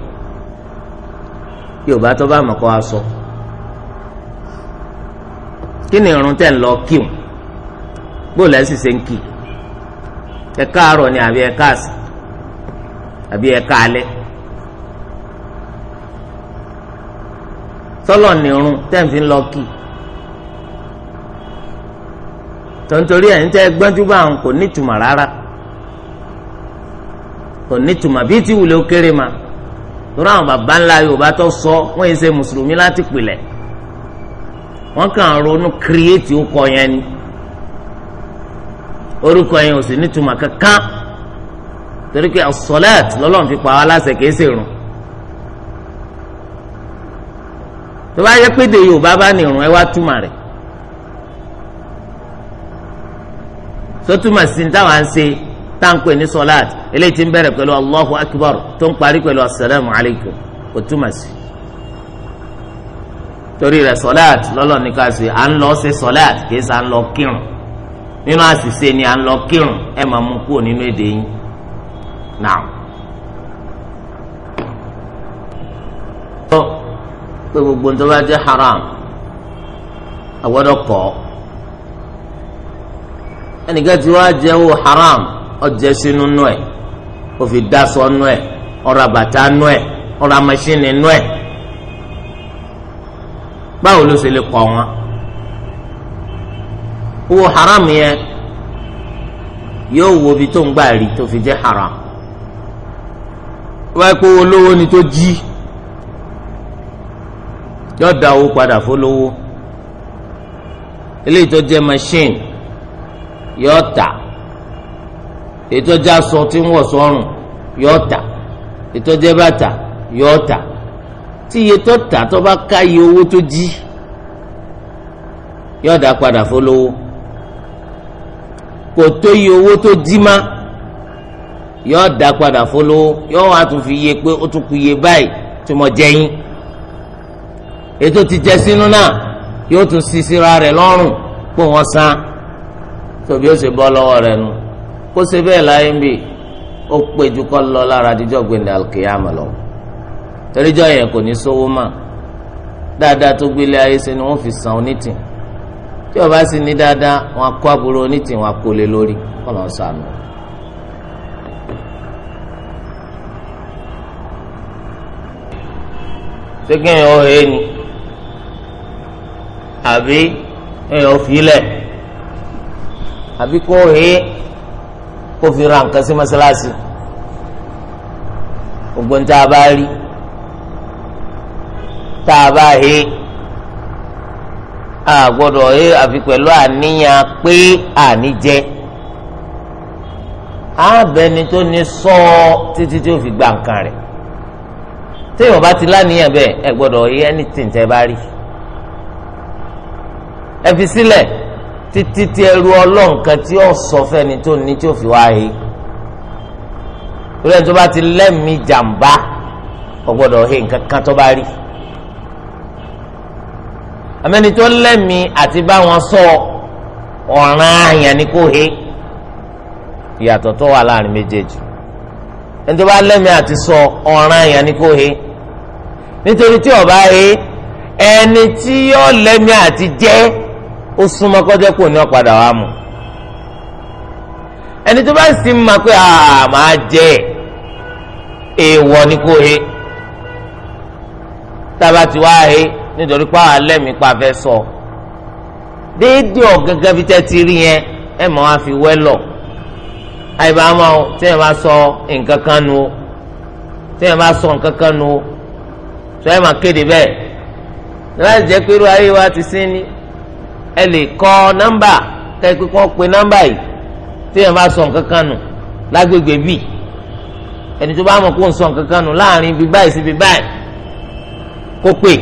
yorùbá tó bá mọ̀ a kí ni irun tẹ̀ ń lọ kírun bóòlù ẹ̀ ṣe ń kì ni àbí ẹ káàsì àbí ẹ káalẹ́ sọlọ ni irun tẹ̀ ń fi lọ kì tontori ẹ̀ ń tẹ́ gbọ́njú bá àwọn kò kò nítumọ̀ bíi ti wùlé ó kéré ma torí àwọn baba ńlá yorùbá tó sọ wọ́n yìí ṣe mùsùlùmí láti pilẹ̀ wọ́n kàn ronú kírìẹ́tì ó kọ yẹn ni orúkọ yẹn ò sì nítumọ̀ kankan torí pé as-salat lọ́lọ́run fi pa wá láṣẹ kìí ṣèrun tó bá yẹ pé de yorùbá bá ní irun ẹ wá túmọ̀ rẹ̀ sótúmọ̀ sí ní táwọn à ń ṣe. tá à ń pè ti allahu akbar tó ń parí pẹ̀lú asalaamu alaykum kò túmọ̀ sí. torí rẹ̀ sọláàt lọ́lọ́ ní ká sí à ń lọ ṣe sọláàt kìí sá ń lọ kírun nínú ni à ń lọ kírun ẹ máa mú kúrò nínú èdè gbogbo ń tó bá haram àgbọ́dọ̀ kọ́ ẹnìkan tí wàá jẹ́ wò haram. ọjẹ sínú nú ẹ ó fi dáṣọ nú ẹ ọ̀rọ̀ àbàtà nú ẹ ọ̀rọ̀ àmọṣínì nú ẹ báwo ló ṣe lè kọ wọn owó haram yẹn yóò wo ibi tó ń gbà rí tó fi jẹ haram wọ́n pé owó lówó ni tó jí yóò da owó padà fólówó eléyìí tó jẹ machine yóò tà ìtọ́jà sọ tí ń wọ̀ sọ́rùn yóò tà ìtọ́jẹ́ bàtà yóò tà tí iye tó tà tó bá ká iye owó tó jí yóò dá padà fólówó kò tó iye owó tó jí má yóò dá padà fólówó yóò wá tún fi iye pé ó tún kù iye báyìí tí mo jẹ yín ètò ti jẹ sínú náà yóò tún sisira rẹ̀ lọ́rùn pé wọ́n san tóbi ó sì bọ́ lọ́wọ́ rẹ̀ nù. No kó ṣe bẹ́ẹ̀ láyé ń bì ó kọ́ lọ lára àdìjọ́ gbẹ̀ndẹ̀ alkiyama lọ toríjọ́ yẹn kò ní sówó mà dáadáa tó gbélé ayé ṣe ni wọ́n fi san tí ó bá sì ní dáadáa wọn kó aburú wọn kó lórí máa kó fi ra nǹkan sí mọ́sálásí gbogbo ń tá a bá rí tá a bá he a gbọ́dọ̀ he àfi pẹ̀lú àníyàn pé àní jẹ abẹni tó ní sọ títí tí ó fi gba nǹkan rẹ̀ téèyàn bá ti láníyàn bẹ́ẹ̀ ẹ gbọ́dọ̀ he anything tẹ́ bá rí ẹ fi sílẹ̀. Si títí tí ẹrú ọlọ́run kan tí ó sọ fẹ́ni tó ní tí ó fi wá he ìrẹ́ni tó bá ti lẹ́mìí jàǹbá ọgbọ́dọ̀ he nǹkan kan tó bá rí amẹ́ni tó lẹ́mìí àti bá wọn sọ ọ̀ràn àyàn ni kò he ìyàtọ̀ tó wà láàrin méjèèjì ẹni tó bá lẹ́mìí àti sọ ọ̀ràn àyàn ni kò he nítorí tí ó he ẹni tí yóò lẹ́mìí àti jẹ́ ó súnmọ́ kọjá kò ní ọ̀padà wa mú ẹni tó bá sì máa pé àà máa jẹ èèwọ̀ ni kò he tába ti wá he nítorí pé àwọn alẹ́mìí pa fẹ́ sọ déédéé ọ̀gángan fi tẹ́tí rí yẹn ẹ̀ mọ́ wá fi wẹ́lọ̀ àyíbámọ́ tẹ́yìn bá sọ nǹkan kan nu tẹ́yìn bá sọ nǹkan kan nu sọ ẹ̀ máa kéde bẹ́ẹ̀ láti jẹ́ pé irú ayé wa ti sí ni. ẹ lè kọ nọ́mbà kẹ́kẹ́ kọ́ pe nọ́mbà yìí tí yẹn bá sọ nǹkan kan nù lágbègbè bì ẹni tó bá mọ̀ kó ń sọ nǹkan kan nù láàrin ibi báyìí sí ibi báyìí kó pè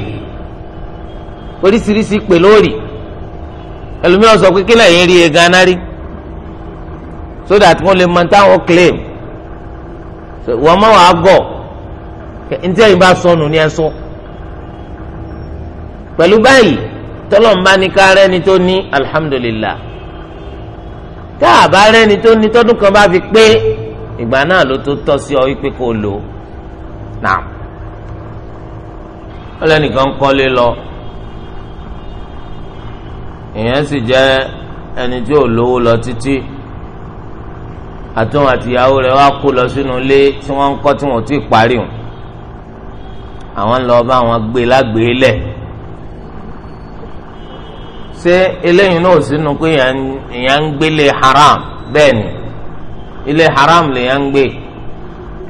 oríṣiríṣi pè lórí ẹlòmíràn sọ pé kílẹ̀ yẹn rí e ganan rí so that wọ́n lè mọ táwọn claim wọ́n mọ̀ wá gọ̀ ntẹ́yìn bá sọnù ni ẹ sọ pẹ̀lú báyìí. tọ́lọ́mbá ní ká rẹ́ni tó ní alhamdulillah tá a bá rẹ́ni tó ní tọ́dún kan bá fi pé ìgbà náà ló tó tọ́ sí ọ wípé kó lò ó náà ọlẹ́nìkan ń kọ́lé lọ èèyàn sì jẹ́ ẹni tí ò lówó lọ títí àtúnwò àtìyàwó rẹ̀ wá kó lọ sínú ilé tí wọ́n ń kọ́ tí wọ́n ti parí wọn àwọn ń lọ bá wọn gbé lágbèélẹ̀ ṣé eléyìí náà sínú pé èèyàn ń gbélé haram bẹ́ẹ̀ ni ilé haram lèèyàn ń gbé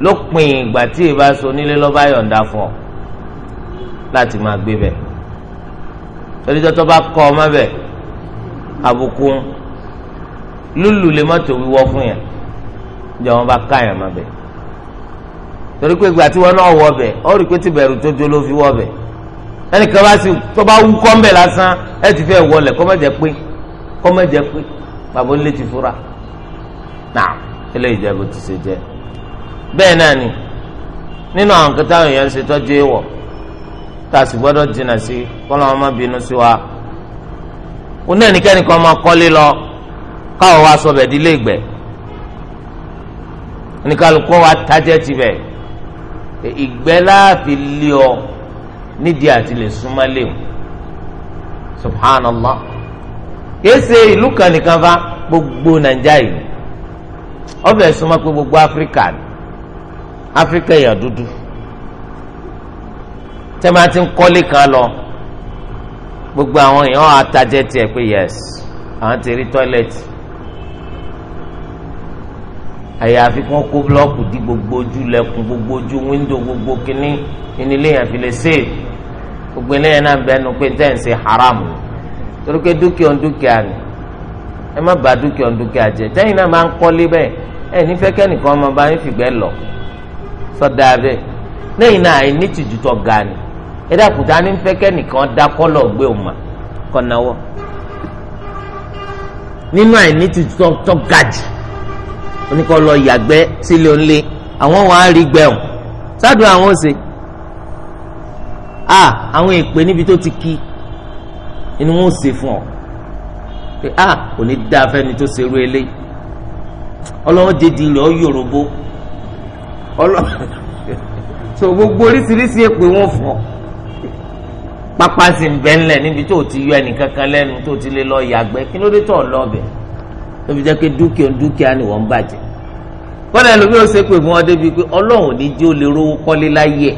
lópin ìgbà tí ìbá so nílé lọ́ba yọ̀ǹda fún ọ láti máa gbé bẹ̀ toríjọ́ tó bá kọ́ ọ mọ́bẹ̀ àbùkù lúlù lè mọ́tò wíwọ́ fún yẹn jọ wọn bá ká yẹn mọ́bẹ̀ torí pé ìgbà tí wọn náà wọ bẹ̀ ọ rí pé tìbẹ̀rù tó jó ló fi wọ bẹ̀ ẹnìkan bá sì tó bá wú kọ́ńbẹ̀ lásán ẹ ti fẹ́ wọlé kọ́mẹ́jẹ pé kọ́mẹ́jẹ pé bàbá onílé ti fura náà eléyìí jẹ́ ti ṣe jẹ́ bẹ́ẹ̀ náà ni nínú àwọn nǹkan táwọn èèyàn ń ṣe tọ́jú èèwọ̀ tá a sì gbọ́dọ̀ jìnnà sí kọ́lọ́ ọmọ bínú sí wa ó náà nìkẹ́ni kan máa kọ́lé lọ káwọ́ wa sọ bẹ̀ dílé ìgbẹ́ oníkàlùkọ́ wa tájẹ́ tibẹ̀ ìgbẹ́ láàfin lé ọ nídìí àti lè súnmọ́ léwu subhanallah kése ìlú kan nìkan fa gbogbo nàìjíríà yìí ọbẹ̀ súnmọ́ pé gbogbo áfíríkà ni áfíríkà yà dúdú tẹ́lẹ̀ ti ń kọ́lé kan lọ gbogbo àwọn èèyàn àtàjẹ tiẹ̀ pé yẹs àwọn ti rí tọ́lẹ̀tì àyàfi kí wọ́n kó búlọ́ọ̀kù dí gbogbo ojú lẹ́kùn gbogbo ojú wíńdò gbogbo kínní ìnílé yẹn fi lè sèé gbogbo eléyìí náà bẹ́ẹ̀ nu pé tẹ́ ń ṣe haramu torí pé dúkìá ń dúkìá ni ẹ má bà dúkìá ń dúkìá jẹ́ tẹ́yìn náà máa ń kọ́lé bẹ́ẹ̀ ẹ nífẹ̀ẹ́ kẹ́nìkan ọmọ bá ń fìgbẹ́ lọ sọ́dà bẹ́ẹ̀ lẹ́yìn náà àìní tìjú tọ́ ga ni ẹ dàkúta ní fẹ́ kẹ́nìkan dákọ́lọ̀ gbé òun kọ́ náwó nínú àìní tìjú tọ́ ga jù oníkọ́ lọ yàgbẹ́ sílé onílé àwọn wọn á rí gbẹ̀hùn sádùn àwọn ò a àwọn èpè níbi tó ti kí inú wọn ò ṣe fún ọ pé a kò ní dáa fẹ́ni tó ṣerú eléyìí ọlọ́wọ́ jẹ́jì rẹ̀ ọ yòròbó ọlọ́wọ́ <laughs> so gbogbo oríṣiríṣi èpè wọn fún ọ pápá sì ń bẹ́ ńlẹ̀ níbi tó ti yọ ẹnìkankan lẹ́nu tó ti lè lọ yàgbẹ́ kí ló dé tó lọ bẹ̀ tóbi jẹ́ pé dúkìá dúkìá ni wọ́n ń bàjẹ́ kọ́lá ẹlòmíràn ṣe pé wọ́n débi pé ọlọ́run ò ní jẹ́ ó lè rówó kọ́lé láyé ẹ̀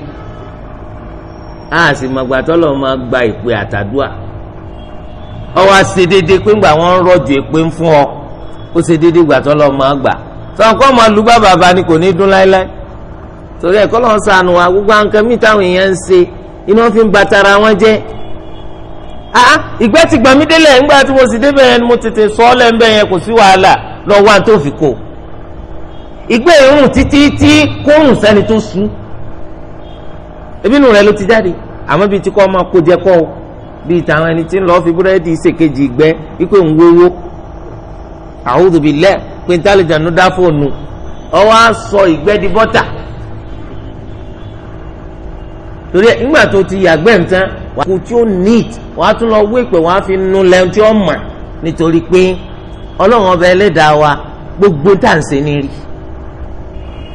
a sì mọ̀ gbà tọ́lọ̀ máa gba ìpè àtàdúà ọwọ́ ṣe déédéé pé ńgbà wọ́n ń rọ̀jò èpè ń fún ọ ó ṣe déédéé gbà tọ́lọ̀ máa gbà tọ́wọ́n kọ́ máa lu bàbá bá ni kò ní dún láéláé torí ẹ̀kọ́ lọ́n sànù wa gbogbo àǹkan mi táwọn èèyàn ń ṣe iná fi ń ba tara wọn jẹ́ ah ìgbẹ́ ti gbà mí délẹ̀ ńgbà tí mo sì débẹ̀ yẹn mo tètè sọ ọ́ lẹ́ńbẹ̀ yẹn kò sí wàhálà lọ́wọ́ àtòfikò ìgbẹ́ ìrùn títí tí kórùn sẹ́ni tó sùn ebi nù rẹ ló ti jáde àmọ́ bíi tí kò ọmọ kó jẹ kọ́ o bíi tàwọn ẹni tí ń lọ́ọ́ fi búrẹ́dì ṣèkejì gbẹ wípé ń wéwó a'udhu billah pé ntálẹ̀jà ló dá fóònù ọwọ́ á sọ ìgbẹ́ di bọ́tà torí ẹ nígbà tó ti yàgbẹ́ nǹkan wàá kú tí ó neat wàá tún lọ wé pé wàá fi nu lẹ́hìn tí ó mà nítorí pé ọlọ́run ọba ẹlẹ́dàá wa gbogbo tá à ń ṣe ní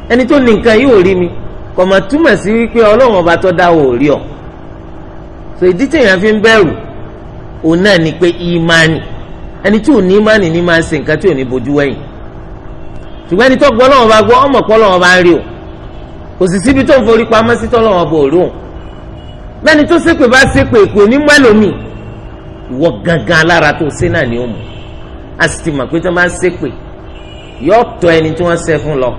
ẹni tó ní nǹkan yìí ò rí mi kò mà túmọ̀ sí wípé ọlọ́run ọba tó dáwọ́ ò rí ọ so ìdí téèyàn fi ń bẹ̀rù òun náà ni pé ìmánì ẹni tí ò ní ìmánì ni máa ń ṣe nǹkan tí ò ní bojú wẹ̀yìn ṣùgbọ́n ẹni tó gbọ́ ọlọ́run ọba gbọ́ ọmọ pọ́ ọlọ́run ọba ń rí o kò sì síbi tó ń forí pamọ́ sí tọ́lọ́run ọba ò òun bẹ́ẹ̀ni tó ṣépè bá ṣépè èpè onímọ̀ ẹlòmíì ìwọ gangan alára tó ṣe náà ni ó mú a sì ti mọ̀ pé tó máa ń ṣépè yọ ọ̀tọ̀ ẹni tí wọ́n ṣe fún lọ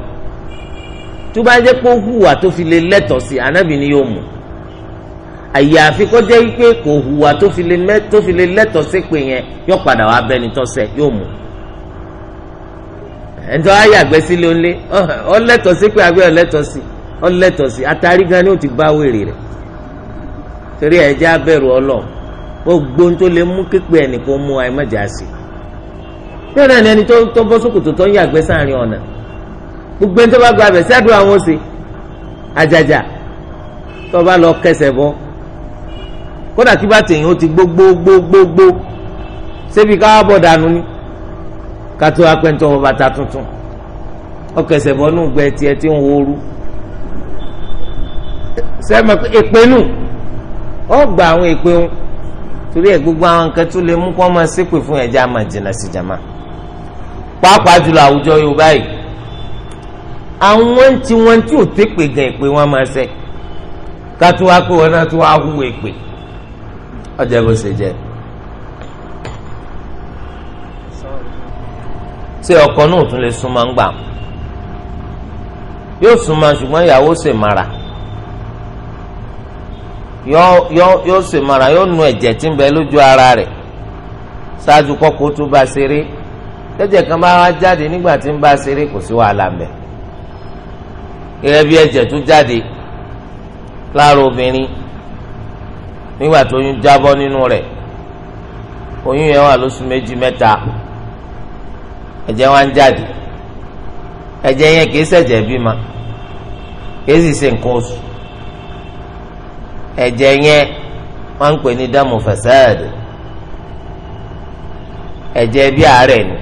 tó bá jẹ́ pé hùwà tó fi lè lẹ́tọ̀ọ́ sí anábì ni yóò mú àyàfi kó jẹ́ kò hùwà tó fi lè lẹ́tọ̀ọ́ sí pé yẹn yóò padà wá bẹ́ni tó yóò ọ lẹ́tọ̀ọ́ sí pé àgbẹ̀ ọ sí ọ lẹ́tọ̀ọ́ sí atari gan ni o ti bá wèrè rẹ̀ torí ẹ̀jẹ̀ abẹ́rù ọlọ́ tó lè mú mú sí náà ni gbogbo ẹni tó bá gba abẹ sẹ́dùn àwọn òsè àjàjà tó bá lọ kẹsẹ̀ bọ́ kódà tí bá tèyàn ó ti gbogbogbogbogbò ṣebí káwá bọ̀ dànù ni kátó apẹ̀ntọ́ wọn bàtà tuntun ọkẹsẹ̀ bọ́ nù gbẹ tiẹ̀ tí ń wóoru sẹ́mi èpè nù ó gba àwọn èpè ń torí ẹ̀ gbogbo àwọn nǹkan tó lè mú kó máa ṣépè fún ẹ̀já máa jìnnà sí jàmá pàápàá jùlọ àwùjọ Yorùbá yìí àwọn tí wọn tí ò tẹ pé gan ìpè wọn máa ṣe kátó wá pé wọn náà tó wá hu èpè ọjà bó ṣe jẹ. ṣé ọkọ náà tún lè súnmọ́ ń gbà yóò súnmọ́ ṣùgbọ́n ìyàwó ṣe mara yóò ṣe mara yóò nu ẹ̀jẹ̀ tí ń bẹ lójú ara rẹ̀ ṣáájú kọ́kọ́ tó bá ṣeré lẹ́jẹ̀ kan bá wá jáde nígbà tí ń bá ṣeré kò sí wàhálà mẹ́ẹ̀ gẹ́gẹ́ bí ẹ̀jẹ̀ tó jáde lára obìnrin nígbà tó oyún jábọ́ nínú rẹ̀ oyún yẹn wà lóṣù méjì mẹ́ta ẹ̀jẹ̀ wá ń jáde ẹ̀jẹ̀ yẹn kìí ṣẹ̀jẹ̀ bímọ kìí sì ṣe nǹkan oṣù ẹ̀jẹ̀ yẹn wọ́n ń pè ní dámù fẹ̀sẹ̀ẹ̀dì ẹ̀jẹ̀ bí àárẹ̀ ni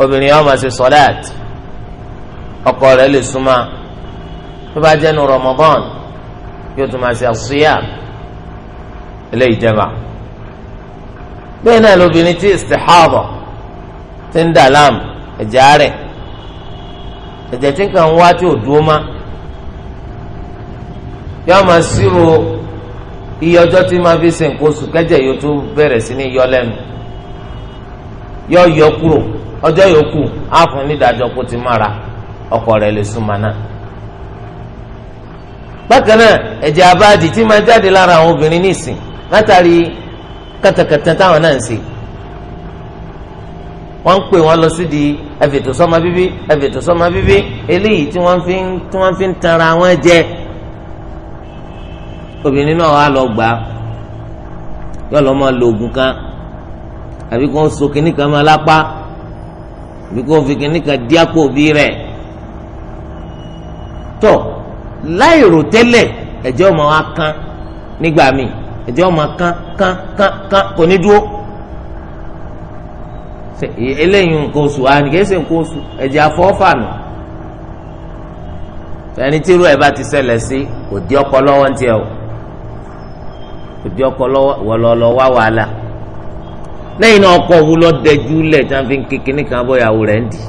obìnrin yẹn wọ́n máa ṣe sọ́dáàtì ọkọ rẹ̀ lè súnmọ́ tó bá jẹ́nu Ramadan yóò tún máa ṣe àṣìyà ilé ìjẹba bẹ́ẹ̀ náà lóbìnrin tí istihaba ti ń dà láàmú ẹ̀jẹ̀ rẹ̀ ẹ̀jẹ̀ tí nǹkan wá tí ò dúró má yóò máa ṣírò iye ọjọ́ tí máa fi ṣe nǹkan oṣù kẹ́jẹ̀ yóò tó bẹ̀rẹ̀ sí ní yọ lẹ́nu yóò yọ kúrò ọjọ́ yòókù á fún nídàájọ́ kó ti mára ọkọ rẹ̀ lè súnmọ́ náà. bákan náà ẹ̀jẹ̀ abáàdì tí máa jáde lára àwọn obìnrin nìsín látàrí kàtàkàtà táwọn náà ń ṣe wọ́n ń pè wọ́n lọ sí di ẹ̀fẹ̀tò sọ́mọ bíbí ẹ̀fẹ̀tò sọ́mọ bíbí eléyìí tí wọ́n fi ń tí wọ́n fi ń tanra wọn jẹ obìnrin náà wà lọ gbà yóò lọ máa lo oògùn kan àbí kò ń so kìnnìkan máa lápá àbí kò ń fi kìnnìkan dí àpò rẹ̀ tọ̀ láìrò tẹ́lẹ̀ ẹ̀jẹ̀ ọmọ wa kán nígbà míì ẹ̀jẹ̀ ọmọ kán kán kán kán kò ní dúró eléyìí nǹkan oṣù wa nìkan ẹsẹ̀ nǹkan oṣù ẹ̀jẹ̀ afọ́fà nù ẹni tí irú ẹ̀ bá ti ṣẹlẹ̀ sí kò dí ọkọ lọ́wọ́ ń tiẹ̀ o kò dí ọkọ lọ́wọ́ wá wàhálà lẹ́yìn náà ọkọ òun lọ́ọ́ dẹjú lẹ̀ tí wọ́n fi ń kékeré kan bóyá òun rẹ̀ ń dì í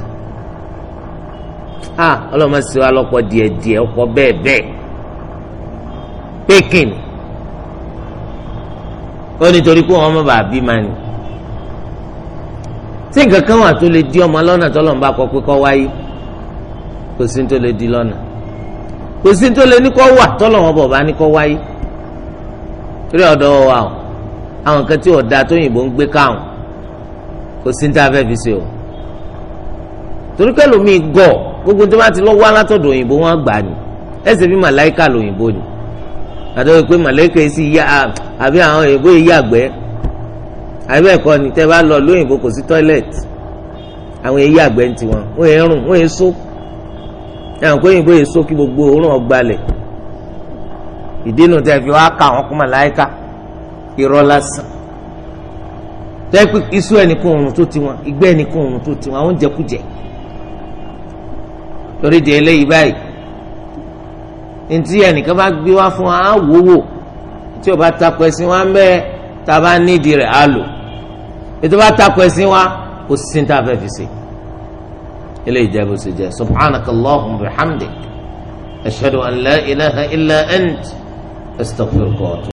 a ọlọ́mọ sì wá lọ́kọ díẹ̀ díẹ̀ ọkọ bẹ́ẹ̀ bẹ́ẹ̀ pékin ó nítorí pé wọn mọ̀ bá bí ma ni tí nǹkan kan wà tó lè di ọmọ lọ́nà tọ́lọ̀ ń bá kọ pé kọ́ wáyé kò sí tó lè di lọ́nà kò sí tó lè ní kọ́ wà tọ́lọ̀ wọn bọ̀ bá ní kọ́ wáyé torí ọ̀dọ́ wa o àwọn kan tí ọ̀dà tóyìnbó ń gbé káwọn kò sí tá a fẹ́ fi ṣe o torí kẹ́lòmíì gọ̀ọ́ gbogbo tó bá ti lọ wá látọ̀dọ̀ òyìnbó wọn gbà ní ẹsẹ̀ bí màláìkà lòyìnbó ni àtọ́wé pé màláìkà yìí sì yá àbí àwọn òyìnbó yìí yàgbẹ́ àbí ẹ̀kọ́ ni tẹ́ bá lọ lóyìnbó kò sí tọ́ílẹ̀tì àwọn èyí yàgbẹ́ ń tiwọn wọ́n èyí rùn wọ́n èyí só ẹ̀hàn kó òyìnbó èyí só kí gbogbo òórùn ọgbàlẹ̀ ìdínú tẹ́ fi wá ká àwọn kó màláìkà irọ́ lásán tẹ́ pé iṣu ẹnìkan òórùn tó tiwọn ìgbẹ́ ẹnìkan òórùn tó tiwọn àwọn jẹkújẹ torí di eléyìí báyìí ntí ẹnìkan bá gbé wá fún wa á wò wò tí o bá takò ẹ̀sìn wa mẹ́ẹ̀ tá a bá nídìí rẹ̀ á lò ètò bá takò ẹ̀sìn wa kò sí ní tá fẹ́ fi ṣe eléyìí jẹ́ bó ṣe jẹ́ subhanakallahumma wa bihamdik ashhadu an la ilaha illa ant astaghfiruka.